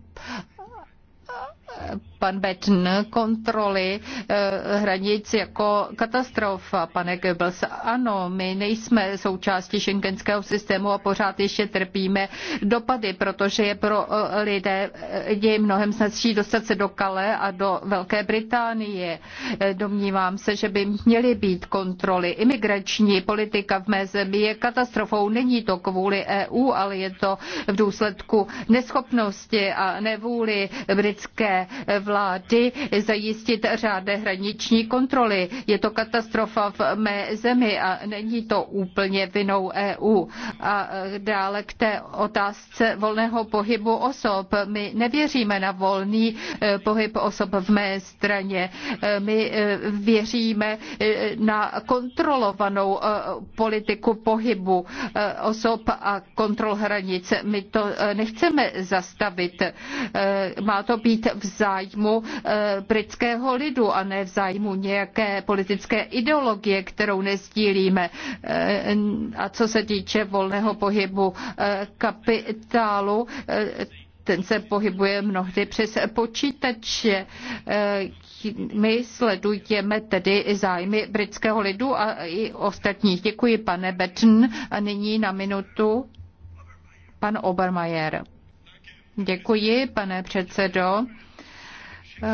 pan Betten, kontroly eh, hranic jako katastrofa, pane Goebbels. Ano, my nejsme součástí šengenského systému a pořád ještě trpíme dopady, protože je pro eh, lidé eh, je mnohem snadší dostat se do Kale a do Velké Británie. Domnívám se, že by měly být kontroly. Imigrační politika v mé zemi je katastrofou. Není to kvůli EU, ale je to v důsledku neschopnosti a nevůli britské vlády zajistit řádné hraniční kontroly. Je to katastrofa v mé zemi a není to úplně vinou EU. A dále k té otázce volného pohybu osob. My nevěříme na volný eh, pohyb osob v mé straně. Eh, my eh, věříme na kontrolovanou politiku pohybu osob a kontrol hranic. My to nechceme zastavit. Má to být v zájmu eh, britského lidu a ne v zájmu nějaké politické ideologie, kterou nesdílíme eh, A co se týče volného pohybu eh, kapitálu, ten se pohybuje mnohdy přes počítače. My sledujeme tedy zájmy britského lidu a i ostatních. Děkuji, pane Betten. A nyní na minutu pan Obermajer. Děkuji, pane předsedo.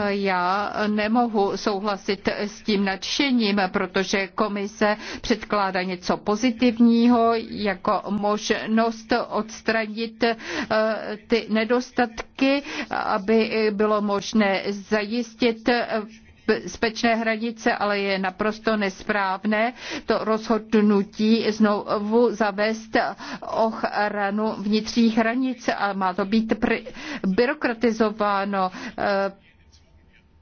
Já nemohu souhlasit s tím nadšením, protože komise předkládá něco pozitivního jako možnost odstranit eh, ty nedostatky, aby bylo možné zajistit bezpečné eh, hranice, ale je naprosto nesprávné to rozhodnutí znovu zavést ochranu vnitřních hranic a má to být byrokratizováno eh,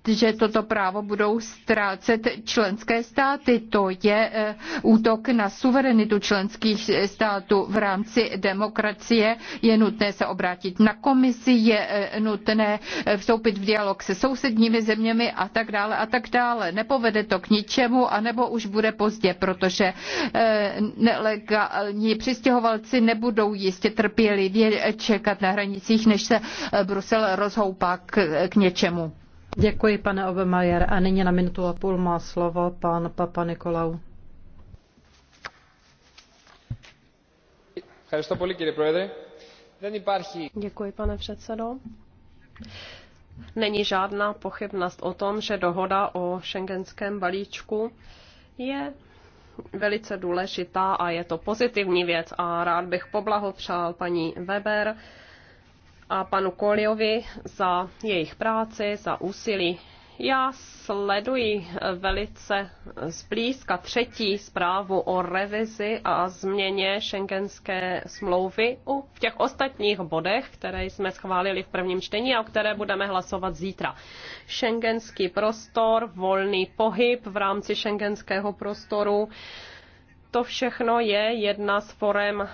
že toto právo budou ztrácet členské státy. To je eh, útok na suverenitu členských států v rámci demokracie. Je nutné se obrátit na komisi, je eh, nutné eh, vstoupit v dialog se sousedními zeměmi a tak dále a tak dále. Nepovede to k ničemu, anebo už bude pozdě, protože nelegální přistěhovalci nebudou jistě trpělivě čekat na hranicích, než se Brusel rozhoupá k, k něčemu. Děkuji, pane Obemajer. A nyní na minutu a půl má slovo pan Papa Nikolau. Děkuji, pane předsedo. Není žádná pochybnost o tom, že dohoda o šengenském balíčku je velice důležitá a je to pozitivní věc a rád bych poblahopřál paní Weber a panu Koliovi za jejich práci, za úsilí. Já sleduji velice zblízka třetí zprávu o revizi a změně šengenské smlouvy u v těch ostatních bodech, které jsme schválili v prvním čtení a o které budeme hlasovat zítra. Šengenský prostor, volný pohyb v rámci šengenského prostoru, to všechno je jedna z forem eh,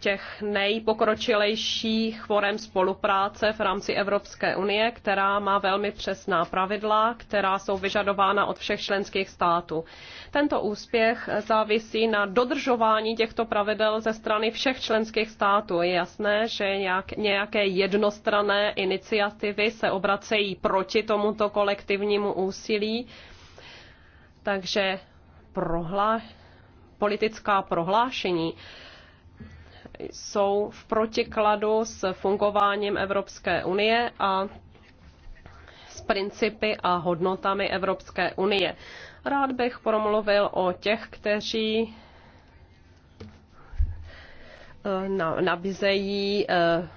těch nejpokročilejších forem spolupráce v rámci Evropské unie, která má velmi přesná pravidla, která jsou vyžadována od všech členských států. Tento úspěch závisí na dodržování těchto pravidel ze strany všech členských států. Je jasné, že nějak, nějaké jednostrané iniciativy se obracejí proti tomuto kolektivnímu úsilí, takže prohlášení politická prohlášení jsou v protikladu s fungováním Evropské unie a s principy a hodnotami Evropské unie. Rád bych promluvil o těch, kteří eh, nabízejí eh,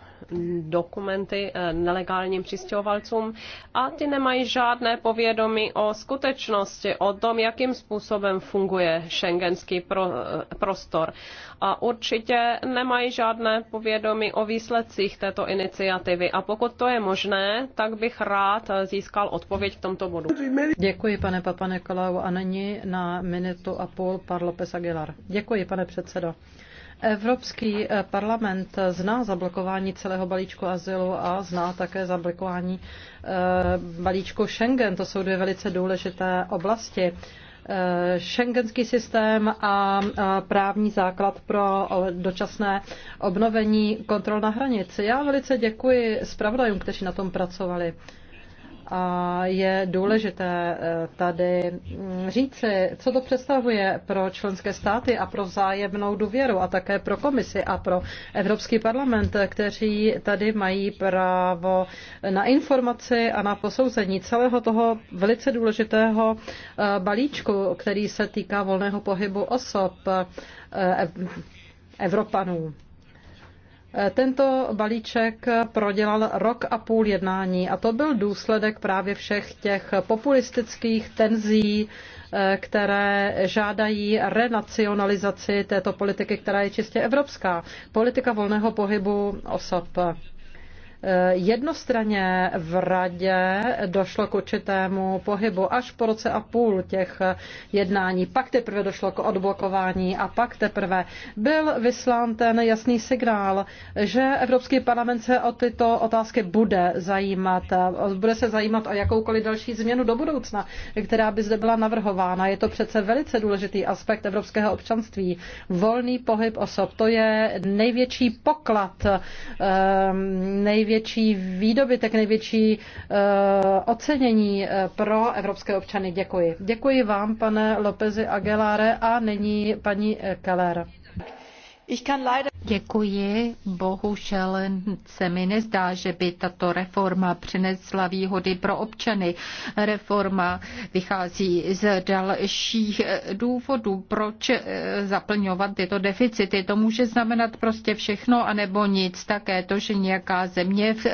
dokumenty eh, nelegálním přistěhovalcům a ty nemají žádné povědomí o skutečnosti, o tom, jakým způsobem funguje šengenský pro, eh, prostor. A určitě nemají žádné povědomí o výsledcích této iniciativy. A pokud to je možné, tak bych rád eh, získal odpověď v tomto bodu. Děkuji, pane Papa Nikolau. A není na minutu a půl Parlo Pesagilar. Děkuji, pane předsedo. Evropský eh, parlament zná zablokování celého balíčku azylu a zná také zablokování eh, balíčku Schengen. To jsou dvě velice důležité oblasti. Eh, Schengenský systém a právní základ pro dočasné obnovení kontrol na hranici. Já velice děkuji zpravodajům, kteří na tom pracovali. A je důležité eh, tady mm, říci, co to představuje pro členské státy a pro vzájemnou důvěru a také pro komisi a pro Evropský parlament, kteří tady mají právo na informaci a na posouzení celého toho velice důležitého eh, balíčku, který se týká volného pohybu osob eh, Evropanů. Tento balíček prodělal rok a půl jednání a to byl důsledek právě všech těch populistických tenzí, eh, které žádají renacionalizaci této politiky, která je čistě evropská. Politika volného pohybu osob. Eh, jednostranně v radě došlo k určitému pohybu až po roce a půl těch eh, jednání. Pak teprve došlo k odblokování a pak teprve byl vyslán ten jasný signál, že Evropský parlament se o tyto otázky bude zajímat. Eh, bude se zajímat o jakoukoliv další změnu do budoucna, která by zde byla navrhována. Je to přece velice důležitý aspekt evropského občanství. Volný pohyb osob, to je největší poklad, největší největší výdobytek, největší uh, ocenění eh, pro evropské občany. Děkuji. Děkuji vám, pane Lopezi Aguilare, a nyní paní eh, Keller. Ich kann leider Děkuji. Bohužel se mi nezdá, že by tato reforma přinesla výhody pro občany. Reforma vychází z dalších důvodů, proč eh, zaplňovat tyto deficity. To může znamenat prostě všechno, anebo nic. Také to, že nějaká země v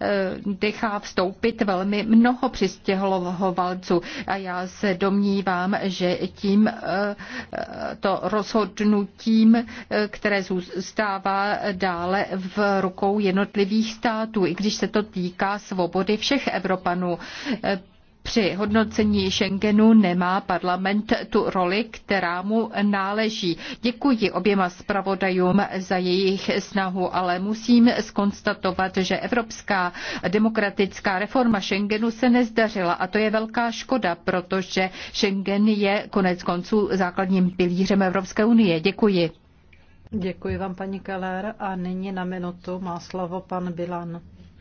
Eh, dechá vstoupit velmi mnoho přistěhovalců a já se domnívám, že tím eh, eh, to rozhodnutím, které zůstává dále v rukou jednotlivých států, i když se to týká svobody všech Evropanů. Při hodnocení Schengenu nemá parlament tu roli, která mu náleží. Děkuji oběma zpravodajům za jejich snahu, ale musím skonstatovat, že evropská demokratická reforma Schengenu se nezdařila a to je velká škoda, protože Schengen je konec konců základním pilířem Evropské unie. Děkuji. Děkuji vám, paní Keller. A nyní na minutu má slovo pan Bilan.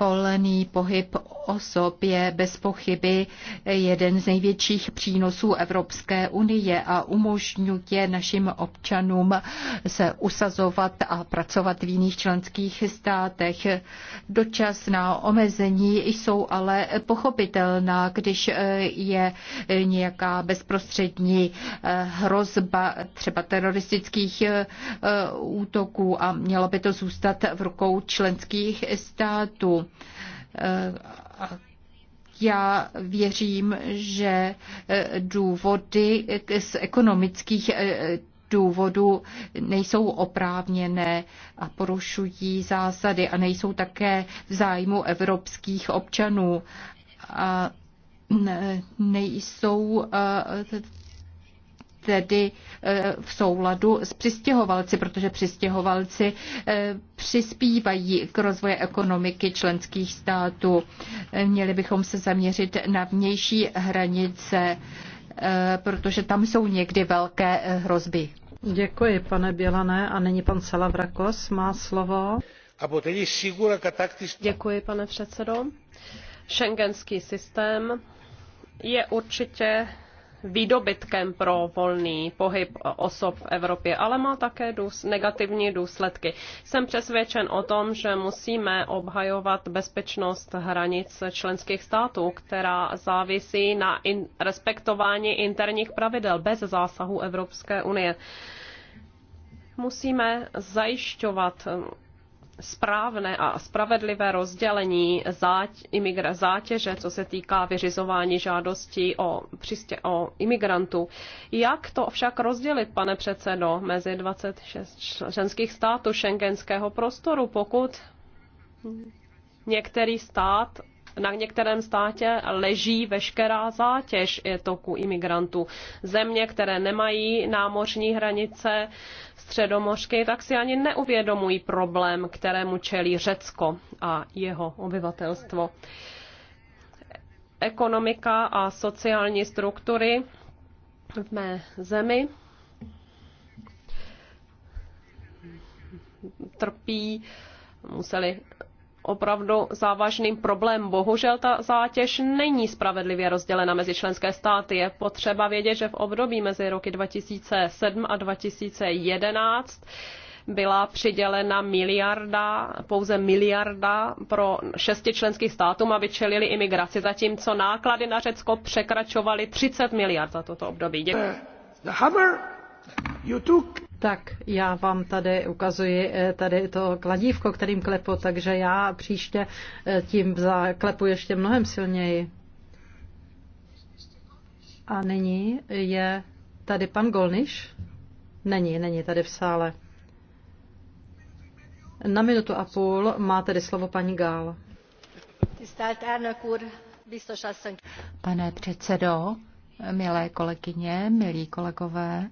Volný pohyb osob je bez pochyby jeden z největších přínosů Evropské unie a umožňuje našim občanům se usazovat a pracovat v jiných členských státech. Dočasná omezení jsou ale pochopitelná, když je nějaká bezprostřední hrozba třeba teroristických útoků a mělo by to zůstat v rukou členských států Eh, já věřím, že eh, důvody z ekonomických eh, důvodů nejsou oprávněné a porušují zásady a nejsou také v zájmu evropských občanů. A nejsou tedy eh, v souladu s přistěhovalci, protože přistěhovalci eh, přispívají k rozvoji ekonomiky členských států. Měli bychom se zaměřit na vnější hranice, eh, protože tam jsou někdy velké hrozby. Děkuji, pane Bělané. A nyní pan Salavrakos má slovo. Děkuji, pane předsedo. Schengenský systém je určitě výdobytkem pro volný pohyb osob v Evropě, ale má také důs- negativní důsledky. Jsem přesvědčen o tom, že musíme obhajovat bezpečnost hranic členských států, která závisí na in- respektování interních pravidel bez zásahu Evropské unie. Musíme zajišťovat správné a spravedlivé rozdělení zátěže, co se týká vyřizování žádostí o, přistě, o imigrantů. Jak to však rozdělit, pane předsedo, mezi 26 členských států šengenského prostoru, pokud některý stát na některém státě leží veškerá zátěž toku imigrantů. Země, které nemají námořní hranice, středomořky, tak si ani neuvědomují problém, kterému čelí Řecko a jeho obyvatelstvo. Ekonomika a sociální struktury v mé zemi trpí, museli opravdu závažným problém. Bohužel ta zátěž není spravedlivě rozdělena mezi členské státy. Je potřeba vědět, že v období mezi roky 2007 a 2011 byla přidělena miliarda, pouze miliarda pro šesti členských států, aby čelili imigraci, zatímco náklady na Řecko překračovaly 30 miliard za toto období. Děkuji. The eh, hammer you took tak, já vám tady ukazuji eh, tady to kladívko, kterým klepu, takže já příště eh, tím zaklepu ještě mnohem silněji. A nyní je tady pan Golniš? Není, není tady v sále. Na minutu a půl má tedy slovo paní Gál. Pane předsedo, milé kolegyně, milí kolegové,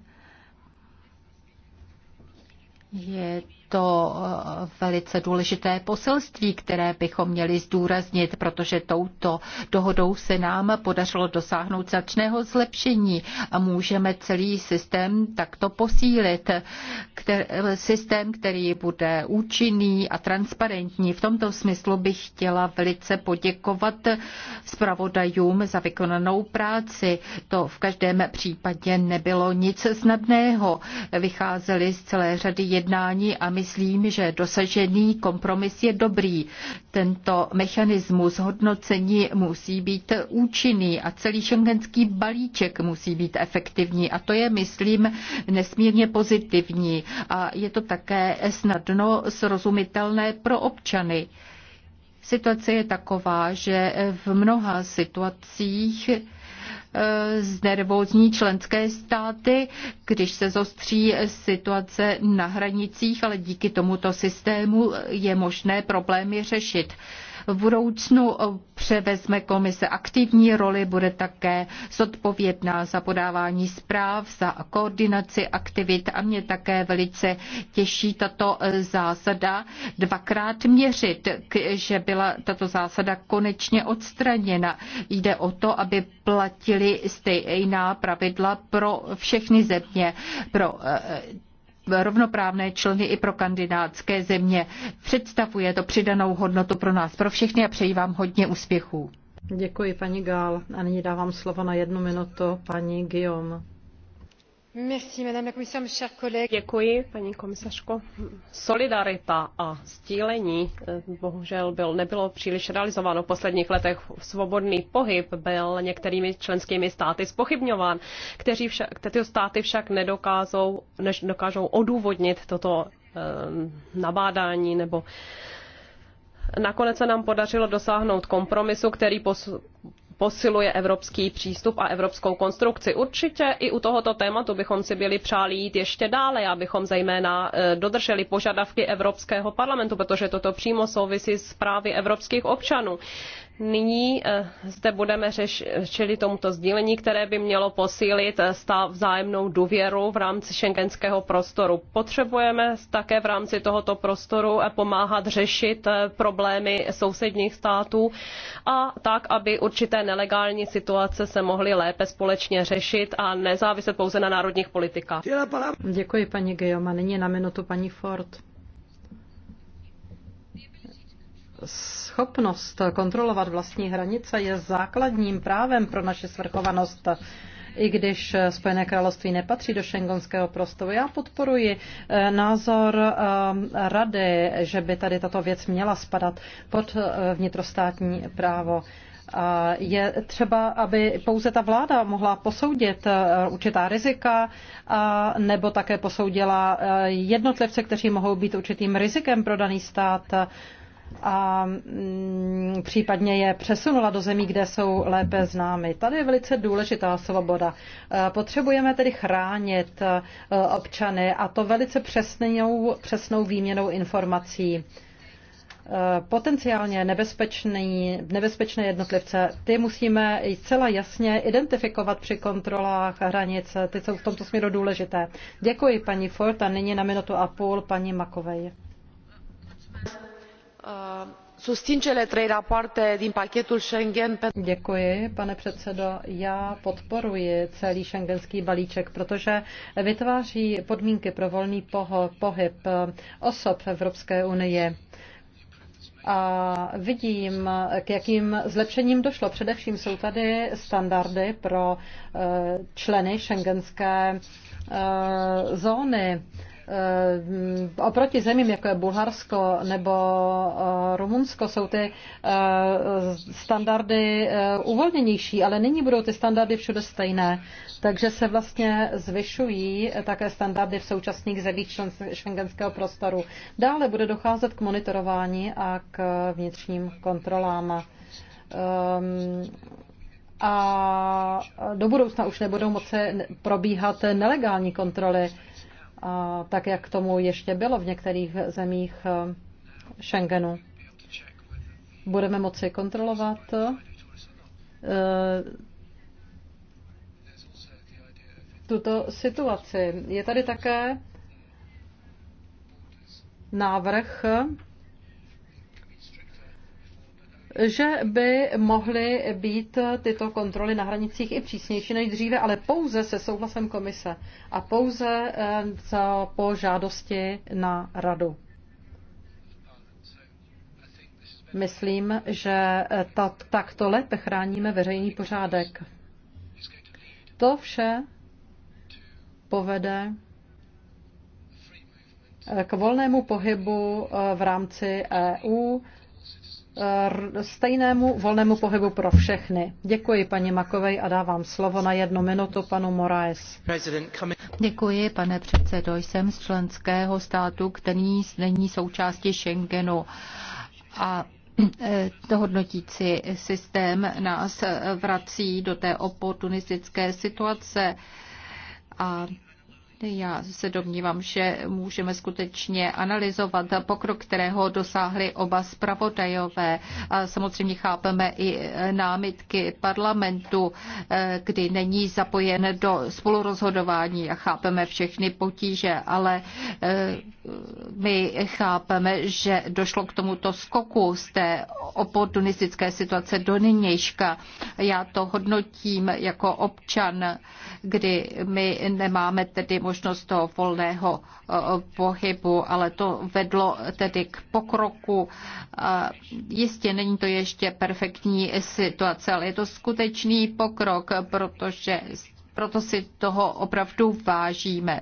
je to eh, velice důležité poselství, které bychom měli zdůraznit, protože touto dohodou se nám podařilo dosáhnout začného zlepšení a můžeme celý systém takto posílit. Který, systém, který bude účinný a transparentní. V tomto smyslu bych chtěla velice poděkovat zpravodajům za vykonanou práci. To v každém případě nebylo nic snadného. Vycházeli z celé řady jednání a my myslím, že dosažený kompromis je dobrý. Tento mechanismus hodnocení musí být účinný a celý šengenský balíček musí být efektivní. A to je, myslím, nesmírně pozitivní. A je to také snadno srozumitelné pro občany. Situace je taková, že v mnoha situacích znervózní členské státy, když se zostří situace na hranicích, ale díky tomuto systému je možné problémy řešit. V budoucnu eh, převezme komise aktivní roli, bude také zodpovědná za podávání zpráv, za koordinaci aktivit a mě také velice těší tato eh, zásada dvakrát měřit, že byla tato zásada konečně odstraněna. Jde o to, aby platili stejná pravidla pro všechny země, pro eh, rovnoprávné členy i pro kandidátské země. Představuje to přidanou hodnotu pro nás, pro všechny a přeji vám hodně úspěchů. Děkuji, paní Gál. A nyní dávám slovo na jednu minutu paní Guillaume. Děkuji, paní komisařko. Solidarita a sdílení eh, bohužel byl, nebylo příliš realizováno v posledních letech. Svobodný pohyb byl některými členskými státy zpochybňován, kteří však, tyto státy však nedokázou, než dokážou odůvodnit toto eh, nabádání nebo Nakonec se nám podařilo dosáhnout kompromisu, který posiluje evropský přístup a evropskou konstrukci. Určitě i u tohoto tématu bychom si byli přáli jít ještě dále, abychom zejména e, dodrželi požadavky Evropského parlamentu, protože toto přímo souvisí s právy evropských občanů. Nyní eh, zde budeme řešili tomuto sdílení, které by mělo posílit eh, stav vzájemnou důvěru v rámci šengenského prostoru. Potřebujeme také v rámci tohoto prostoru eh, pomáhat řešit problémy sousedních států a tak, aby určité nelegální situace se mohly lépe společně řešit a nezáviset pouze na národních politikách. Děkuji paní Gejoma. Nyní na minutu paní Ford. schopnost kontrolovat vlastní hranice je základním právem pro naši svrchovanost. I když Spojené království nepatří do šengonského prostoru, já podporuji eh, názor eh, rady, že by tady tato věc měla spadat pod eh, vnitrostátní právo. Je třeba, aby pouze ta vláda mohla posoudit určitá rizika, nebo také posoudila jednotlivce, kteří mohou být určitým rizikem pro daný stát a mm, případně je přesunula do zemí, kde jsou lépe známy. Tady je velice důležitá svoboda. Potřebujeme tedy chránit občany a to velice přesnou, přesnou výměnou informací potenciálně nebezpečný, nebezpečné jednotlivce, ty musíme zcela jasně identifikovat při kontrolách hranic. Ty jsou v tomto směru důležité. Děkuji paní Ford a nyní na minutu a půl paní Makovej. Eh, cele trei rapoarte din pachetul Schengen. Děkuji, pane předsedo. Já podporuji celý šengenský balíček, protože vytváří podmínky pro volný pohyb osob v Evropské unii a vidím, k jakým zlepšením došlo. Především jsou tady standardy pro eh, členy šengenské eh, zóny Eh, oproti zemím, jako je Bulharsko nebo eh, Rumunsko, jsou ty eh, standardy uvolněnější, ale nyní budou ty standardy všude stejné. Takže se vlastně zvyšují také standardy v současných zemích šengenského prostoru. Dále bude docházet k monitorování a k vnitřním kontrolám ehm, a do budoucna už nebudou moci probíhat nelegální kontroly tak jak tomu ještě bylo v některých zemích eh, Schengenu. Budeme moci kontrolovat eh, tuto situaci. Je tady také návrh že by mohly být tyto kontroly na hranicích i přísnější než dříve, ale pouze se souhlasem komise a pouze eh, za, po žádosti na radu. Myslím, že eh, ta, takto lépe chráníme veřejný pořádek. To vše povede eh, k volnému pohybu v rámci EU Eh, stejnému volnému pohybu pro všechny. Děkuji paní Makovej a dávám slovo na jednu minutu panu Moraes. Děkuji, pane předsedo. Jsem z členského státu, který není součástí Schengenu. A eh, to hodnotící systém nás eh, vrací do té oportunistické situace. A já se domnívám, že můžeme skutečně analyzovat pokrok, kterého dosáhly oba zpravodajové. A samozřejmě chápeme i námitky parlamentu, kdy není zapojen do spolurozhodování a chápeme všechny potíže, ale eh, my chápeme, že došlo k tomuto skoku z té oportunistické situace do nynějška. Já to hodnotím jako občan, kdy my nemáme tedy možnost možnost toho volného eh, pohybu, ale to vedlo tedy k pokroku. Jistě není to ještě perfektní situace, ale je to skutečný pokrok, protože proto si toho opravdu vážíme.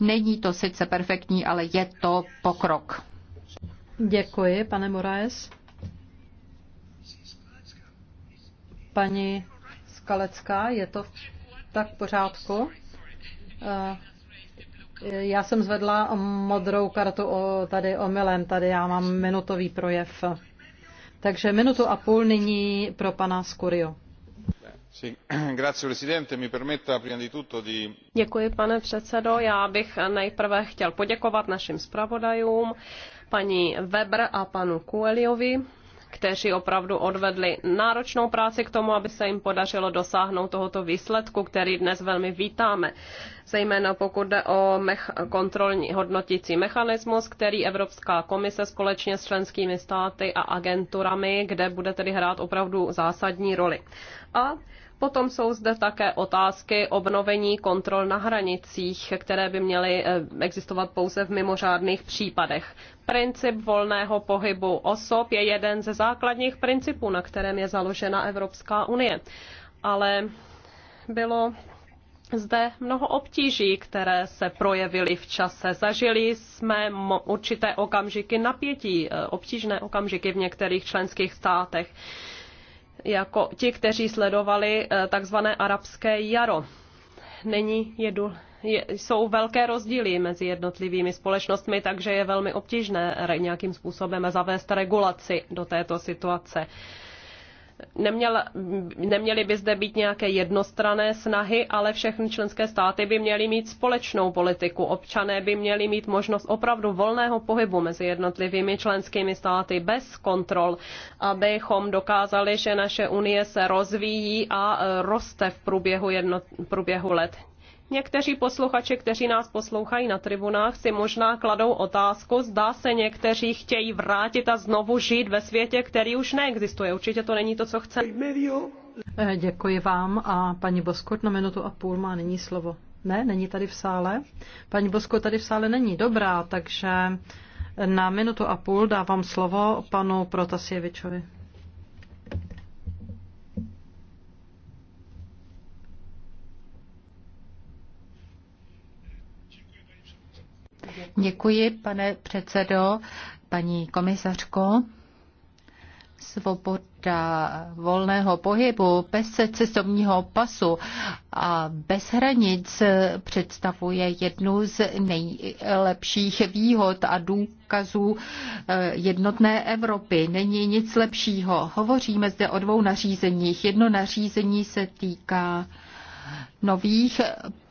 Není to sice perfektní, ale je to pokrok. Děkuji, pane Moraes. Paní Skalecká, je to tak v pořádku? Eh, já jsem zvedla modrou kartu o, tady omylem, tady já mám minutový projev. Takže minutu a půl nyní pro pana Skurio. Děkuji, pane předsedo. Já bych nejprve chtěl poděkovat našim zpravodajům, paní Weber a panu Kueliovi kteří opravdu odvedli náročnou práci k tomu, aby se jim podařilo dosáhnout tohoto výsledku, který dnes velmi vítáme. Zejména pokud jde o mech- kontrolní hodnotící mechanismus, který Evropská komise společně s členskými státy a agenturami, kde bude tedy hrát opravdu zásadní roli. A Potom jsou zde také otázky obnovení kontrol na hranicích, které by měly eh, existovat pouze v mimořádných případech. Princip volného pohybu osob je jeden ze základních principů, na kterém je založena Evropská unie. Ale bylo zde mnoho obtíží, které se projevily v čase. Zažili jsme určité okamžiky napětí, eh, obtížné okamžiky v některých členských státech jako ti, kteří sledovali eh, takzvané arabské jaro. Není jedu, je, jsou velké rozdíly mezi jednotlivými společnostmi, takže je velmi obtížné nějakým způsobem zavést regulaci do této situace. Uh, neměl, neměly by zde být nějaké jednostrané snahy, ale všechny členské státy by měly mít společnou politiku. Občané by měli mít možnost opravdu volného pohybu mezi jednotlivými členskými státy bez kontrol, abychom dokázali, že naše unie se rozvíjí a roste v průběhu, jedno, v průběhu let. Někteří posluchači, kteří nás poslouchají na tribunách, si možná kladou otázku, zda se někteří chtějí vrátit a znovu žít ve světě, který už neexistuje. Určitě to není to, co chce. Eh, děkuji vám a paní Boskot na minutu a půl má nyní slovo. Ne, není tady v sále. Paní Bosko tady v sále není dobrá, takže na minutu a půl dávám slovo panu Protasěvičovi. Děkuji, pane předsedo, paní komisařko. Svoboda volného pohybu bez cestovního pasu a bez hranic představuje jednu z nejlepších výhod a důkazů eh, jednotné Evropy. Není nic lepšího. Hovoříme zde o dvou nařízeních. Jedno nařízení se týká nových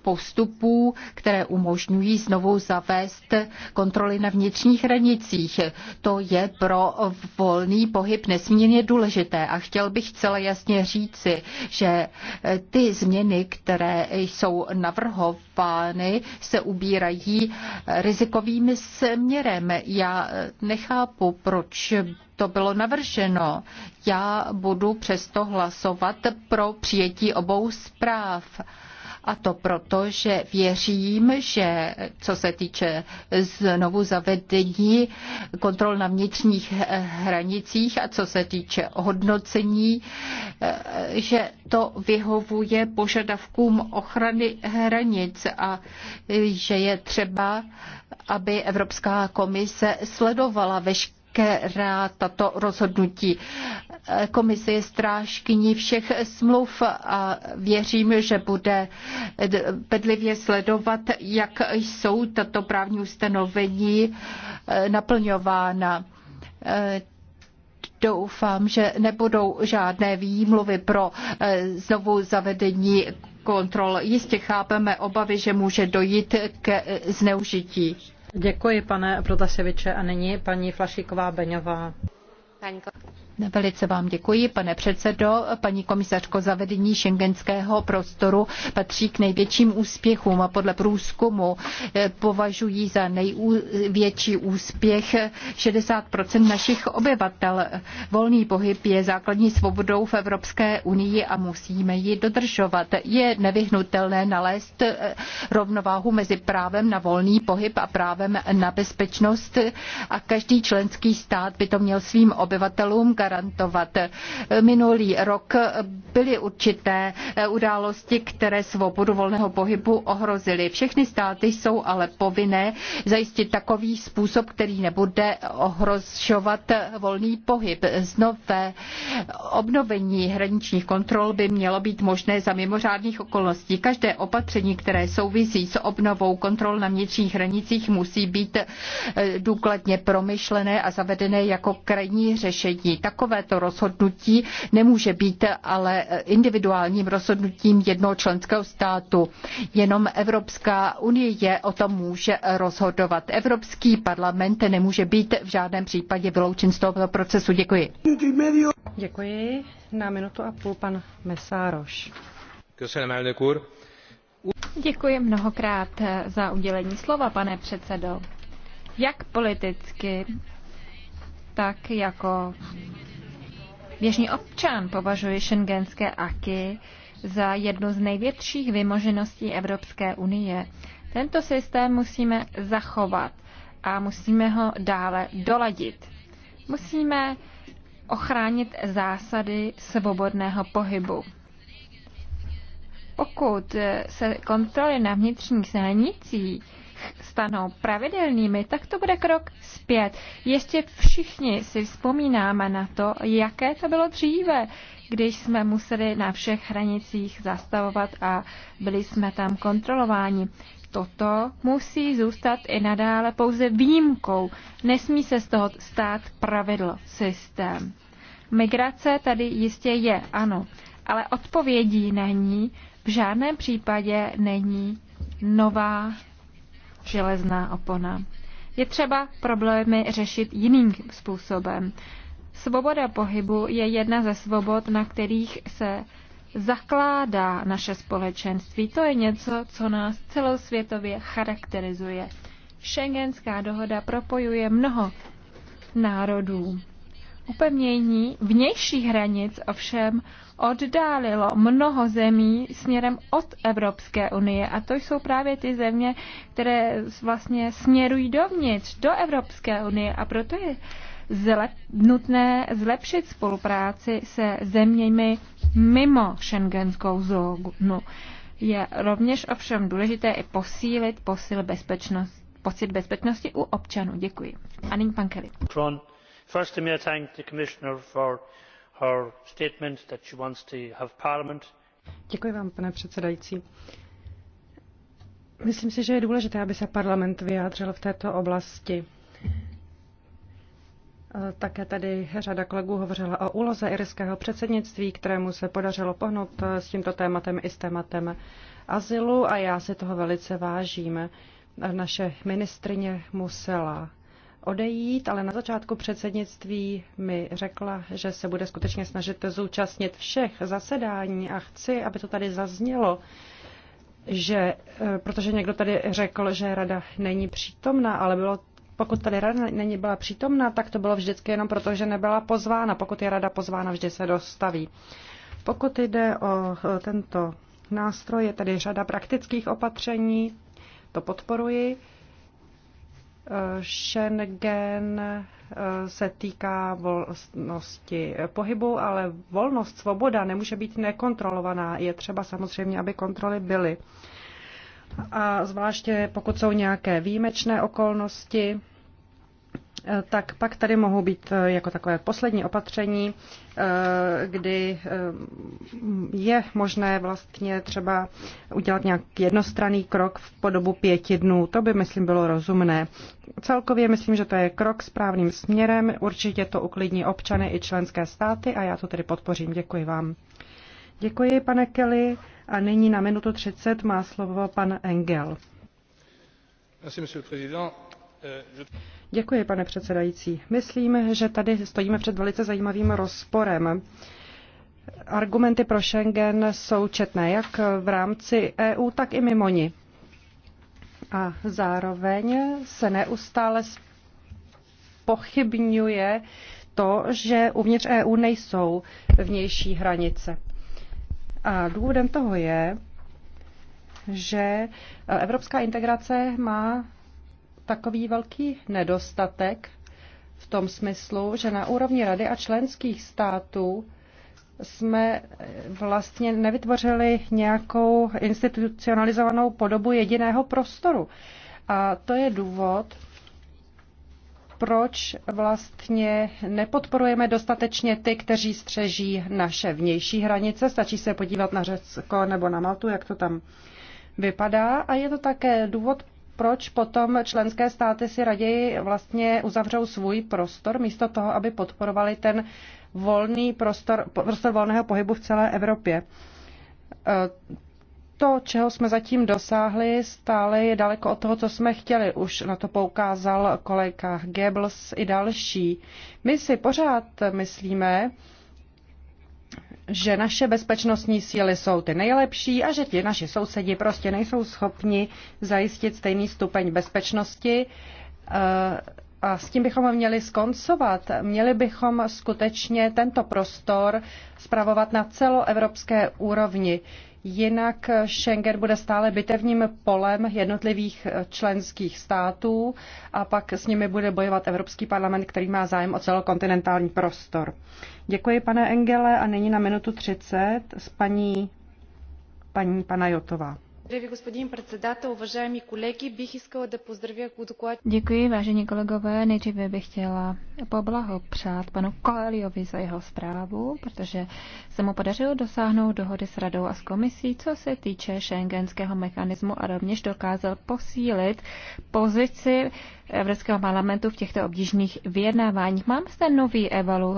postupů, které umožňují znovu zavést kontroly na vnitřních hranicích. To je pro volný pohyb nesmírně důležité a chtěl bych celé jasně říci, že ty změny, které jsou navrhovány, se ubírají rizikovým směrem. Já nechápu, proč to bylo navrženo. Já budu přesto hlasovat pro přijetí obou zpráv. A to proto, že věřím, že co se týče znovu zavedení kontrol na vnitřních eh, hranicích a co se týče hodnocení, eh, že to vyhovuje požadavkům ochrany hranic a eh, že je třeba, aby Evropská komise sledovala veškeré která tato rozhodnutí. Eh, komise je strážkyní všech smluv a věřím, že bude eh, bedlivě sledovat, jak jsou tato právní ustanovení eh, naplňována. Doufám, že nebudou žádné výmluvy pro znovu zavedení kontrol. Jistě chápeme obavy, že může dojít ke zneužití. Děkuji, pane Protaseviče. A nyní paní Flašíková Beňová. Velice vám děkuji, pane předsedo. Paní komisařko, zavedení šengenského prostoru patří k největším úspěchům a podle průzkumu eh, považují za největší úspěch 60 našich obyvatel. Volný pohyb je základní svobodou v Evropské unii a musíme ji dodržovat. Je nevyhnutelné nalézt eh, rovnováhu mezi právem na volný pohyb a právem na bezpečnost a každý členský stát by to měl svým obyvatelům garantovat garantovat. Minulý rok byly určité eh, události, které svobodu volného pohybu ohrozily. Všechny státy jsou ale povinné zajistit takový způsob, který nebude ohrožovat volný pohyb. Znové obnovení hraničních kontrol by mělo být možné za mimořádných okolností. Každé opatření, které souvisí s obnovou kontrol na vnitřních hranicích, musí být eh, důkladně promyšlené a zavedené jako krajní řešení. Takové Takovéto rozhodnutí nemůže být ale individuálním rozhodnutím jednoho členského státu. Jenom Evropská unie je o tom může rozhodovat. Evropský parlament nemůže být v žádném případě vyloučen z tohoto procesu. Děkuji. Děkuji. Na minutu a půl pan Mesároš. Děkuji mnohokrát za udělení slova, pane předsedo. Jak politicky, tak jako běžný občan považuje šengenské aky za jednu z největších vymožeností Evropské unie. Tento systém musíme zachovat a musíme ho dále doladit. Musíme ochránit zásady svobodného pohybu. Pokud se kontroly na vnitřních hranicích stanou pravidelnými, tak to bude krok zpět. Ještě všichni si vzpomínáme na to, jaké to bylo dříve, když jsme museli na všech hranicích zastavovat a byli jsme tam kontrolováni. Toto musí zůstat i nadále pouze výjimkou. Nesmí se z toho stát pravidlo, systém. Migrace tady jistě je, ano, ale odpovědí na ní v žádném případě není nová železná opona. Je třeba problémy řešit jiným způsobem. Svoboda pohybu je jedna ze svobod, na kterých se zakládá naše společenství. To je něco, co nás celosvětově charakterizuje. Schengenská dohoda propojuje mnoho národů. Upevnění vnějších hranic ovšem oddálilo mnoho zemí směrem od Evropské unie. A to jsou právě ty země, které vlastně směrují dovnitř, do Evropské unie. A proto je zlep, nutné zlepšit spolupráci se zeměmi mimo šengenskou zónu. Je rovněž ovšem důležité i posílit posil bezpečnost, pocit bezpečnosti u občanů. Děkuji. A nyní pan Kelly firstly may i thank the commissioner for her statement that she wants to have parliament. Děkuji vám, pane předsedající myslím si že je důležité aby se parlament vyjádřil v této oblasti. Eh, také tady řada kolegů hovořila o úloze irského předsednictví, kterému se podařilo pohnout eh, s tímto tématem i s tématem azylu a já si toho velice vážím. Eh, naše ministryně musela odejít, ale na začátku předsednictví mi řekla, že se bude skutečně snažit zúčastnit všech zasedání a chci, aby to tady zaznělo, že, eh, protože někdo tady řekl, že rada není přítomná, ale bylo pokud tady rada není byla přítomná, tak to bylo vždycky jenom proto, že nebyla pozvána. Pokud je rada pozvána, vždy se dostaví. Pokud jde o eh, tento nástroj, je tady řada praktických opatření, to podporuji. Schengen eh, se týká volnosti pohybu, ale volnost, svoboda nemůže být nekontrolovaná. Je třeba samozřejmě, aby kontroly byly. A zvláště pokud jsou nějaké výjimečné okolnosti, Eh, tak pak tady mohou být eh, jako takové poslední opatření, eh, kdy je možné vlastně třeba udělat nějaký jednostranný krok v podobu pěti dnů. To by, myslím, bylo rozumné. Celkově myslím, že to je krok správným směrem. Určitě to uklidní občany i členské státy a já to tedy podpořím. Děkuji vám. Děkuji, pane Kelly. A nyní na minutu 30 má slovo pan Engel. Merci, Děkuji, pane předsedající. Myslím, že tady stojíme před velice zajímavým rozporem. Argumenty pro Schengen jsou četné, jak v rámci EU, tak i mimo ní, A zároveň se neustále pochybňuje to, že uvnitř EU nejsou vnější hranice. A důvodem toho je, že evropská integrace má takový velký nedostatek v tom smyslu, že na úrovni Rady a členských států jsme vlastně nevytvořili nějakou institucionalizovanou podobu jediného prostoru. A to je důvod, proč vlastně nepodporujeme dostatečně ty, kteří střeží naše vnější hranice. Stačí se podívat na Řecko nebo na Maltu, jak to tam vypadá. A je to také důvod, proč potom členské státy si raději vlastně uzavřou svůj prostor, místo toho, aby podporovali ten volný prostor, prostor volného pohybu v celé Evropě. E, to, čeho jsme zatím dosáhli, stále je daleko od toho, co jsme chtěli. Už na to poukázal kolega Goebbels i další. My si pořád myslíme, že naše bezpečnostní síly jsou ty nejlepší a že ti naši sousedi prostě nejsou schopni zajistit stejný stupeň bezpečnosti. Eh, a s tím bychom měli skoncovat. Měli bychom skutečně tento prostor spravovat na celoevropské úrovni. Jinak Schengen bude stále bitevním polem jednotlivých členských států a pak s nimi bude bojovat Evropský parlament, který má zájem o celokontinentální prostor. Děkuji, pane Engele, a nyní na minutu 30 s paní, paní Jotová. Děkuji, vážení kolegové. Nejdříve bych chtěla poblahopřát panu Koeliovi za jeho zprávu, protože se mu podařilo dosáhnout dohody s radou a s komisí, co se týče šengenského mechanismu a rovněž dokázal posílit pozici Evropského parlamentu v těchto obtížných vyjednáváních. Mám zde nový evalu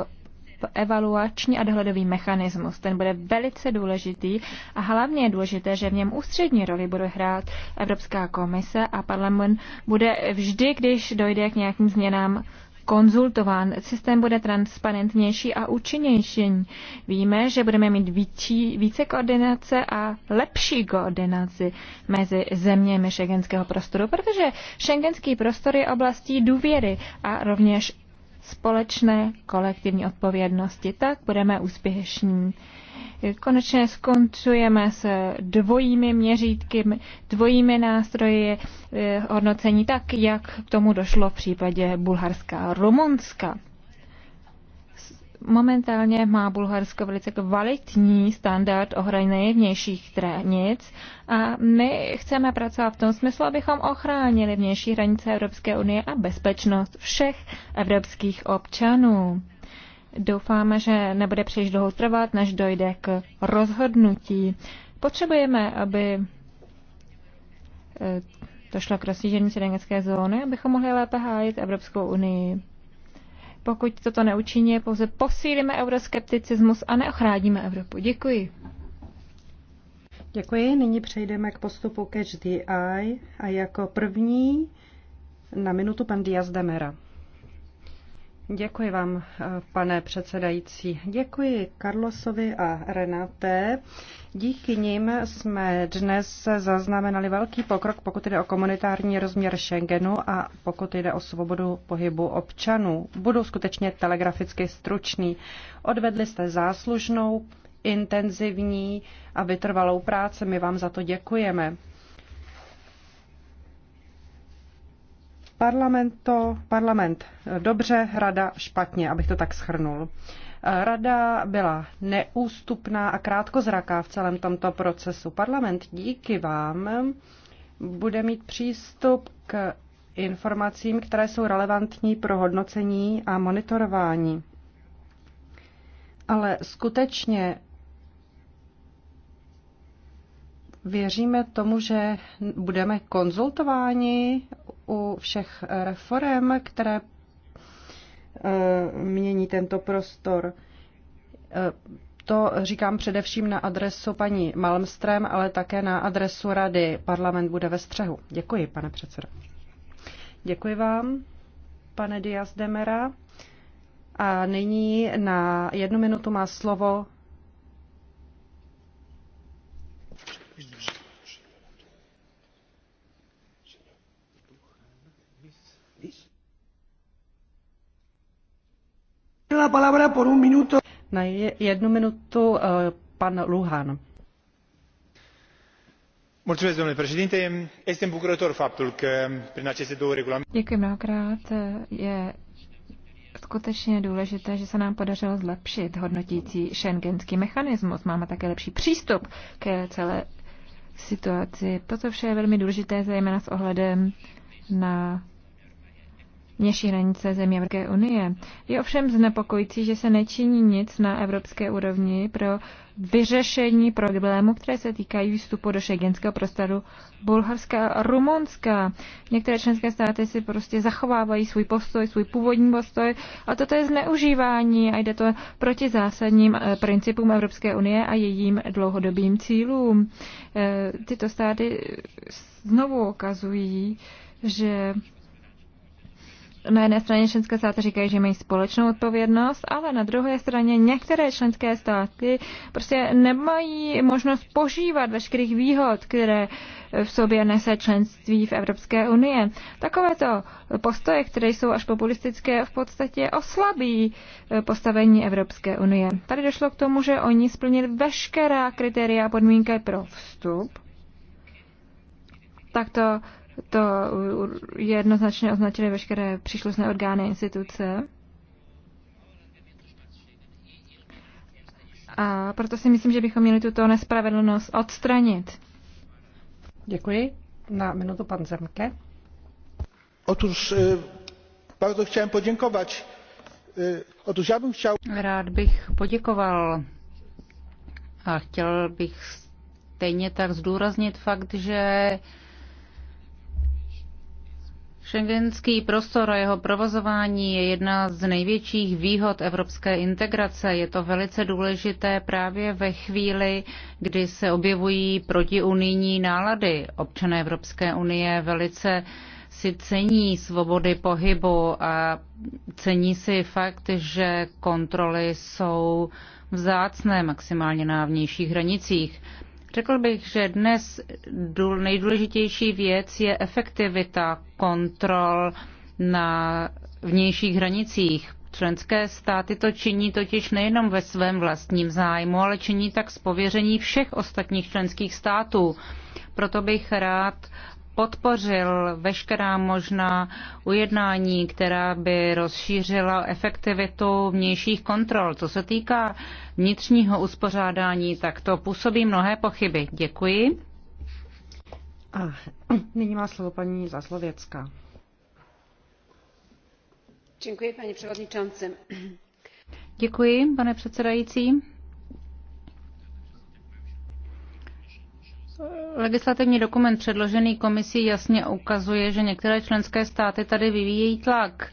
evaluační a dohledový mechanismus. Ten bude velice důležitý a hlavně je důležité, že v něm ústřední roli bude hrát Evropská komise a parlament bude vždy, když dojde k nějakým změnám konzultován. Systém bude transparentnější a účinnější. Víme, že budeme mít vící, více koordinace a lepší koordinaci mezi zeměmi šengenského prostoru, protože šengenský prostor je oblastí důvěry a rovněž společné kolektivní odpovědnosti. Tak budeme úspěšní. Konečně skončujeme s dvojími měřítky, dvojími nástroji eh, hodnocení, tak jak k tomu došlo v případě Bulharska a Rumunska. Momentálně má Bulharsko velice kvalitní standard ochrany vnějších hranic a my chceme pracovat v tom smyslu, abychom ochránili vnější hranice Evropské unie a bezpečnost všech evropských občanů. Doufáme, že nebude příliš dlouho trvat, než dojde k rozhodnutí. Potřebujeme, aby to eh, šlo k rozšíření šengenské zóny, abychom mohli lépe hájit Evropskou unii. Pokud toto neučiní, pouze posílíme euroskepticismus a neochráníme Evropu. Děkuji. Děkuji. Nyní přejdeme k postupu Catch the Eye a jako první na minutu pan Diaz Demera. Děkuji vám, pane předsedající. Děkuji Karlosovi a Renate. Díky nim jsme dnes zaznamenali velký pokrok, pokud jde o komunitární rozměr Schengenu a pokud jde o svobodu pohybu občanů. Budu skutečně telegraficky stručný. Odvedli jste záslužnou, intenzivní a vytrvalou práci. My vám za to děkujeme. Parlamento, parlament eh, dobře, rada špatně, abych to tak schrnul. Eh, rada byla neústupná a krátkozraká v celém tomto procesu. Parlament díky vám bude mít přístup k informacím, které jsou relevantní pro hodnocení a monitorování. Ale skutečně věříme tomu, že budeme konzultováni u všech eh, reform, které eh, mění tento prostor. Eh, to říkám především na adresu paní Malmström, ale také na adresu rady. Parlament bude ve střehu. Děkuji, pane předsedo. Děkuji vám, pane Dias Demera. A nyní na jednu minutu má slovo La palabra por un minuto. Na jednu minutu eh, pan Luhan. Mulțumesc, domnule președinte. Este îmbucurător faptul că prin aceste două regulamente... Děkuji mnohokrát. Je skutečně důležité, že se nám podařilo zlepšit hodnotící šengenský mechanismus. Máme také lepší přístup ke celé situaci. Toto vše je velmi důležité, zejména s ohledem na vnější hranice země Evropské unie. Je ovšem znepokojící, že se nečiní nic na evropské úrovni pro vyřešení problémů, které se týkají vstupu do šegenského prostoru Bulharska a Rumunska. Některé členské státy si prostě zachovávají svůj postoj, svůj původní postoj a toto je zneužívání a jde to proti zásadním eh, principům Evropské unie a jejím dlouhodobým cílům. Eh, tyto státy znovu ukazují, že na jedné straně členské státy říkají, že mají společnou odpovědnost, ale na druhé straně některé členské státy prostě nemají možnost požívat veškerých výhod, které v sobě nese členství v Evropské unie. Takovéto postoje, které jsou až populistické, v podstatě oslabí eh, postavení Evropské unie. Tady došlo k tomu, že oni splnili veškerá kritéria a podmínky pro vstup. Takto to jednoznačně označili veškeré příslušné orgány instituce. A proto si myslím, že bychom měli tuto nespravedlnost odstranit. Děkuji. Na minutu pan Zemke. Otuž e, bardzo chciałem podziękować. E, Otuž, já bych chtěl... Rád bych poděkoval a chtěl bych stejně tak zdůraznit fakt, že Schengenský prostor a jeho provozování je jedna z největších výhod evropské integrace. Je to velice důležité právě ve chvíli, kdy se objevují protiunijní nálady. Občané Evropské unie velice si cení svobody pohybu a cení si fakt, že kontroly jsou vzácné maximálně na vnějších hranicích. Řekl bych, že dnes nejdůležitější věc je efektivita kontrol na vnějších hranicích. Členské státy to činí totiž nejenom ve svém vlastním zájmu, ale činí tak z pověření všech ostatních členských států. Proto bych rád podpořil veškerá možná ujednání, která by rozšířila efektivitu vnějších kontrol. Co se týká vnitřního uspořádání, tak to působí mnohé pochyby. Děkuji. A nyní má slovo paní Zaslověcká. Děkuji, paní předsedající. Děkuji, pane předsedající legislativní dokument předložený komisí jasně ukazuje, že některé členské státy tady vyvíjejí tlak.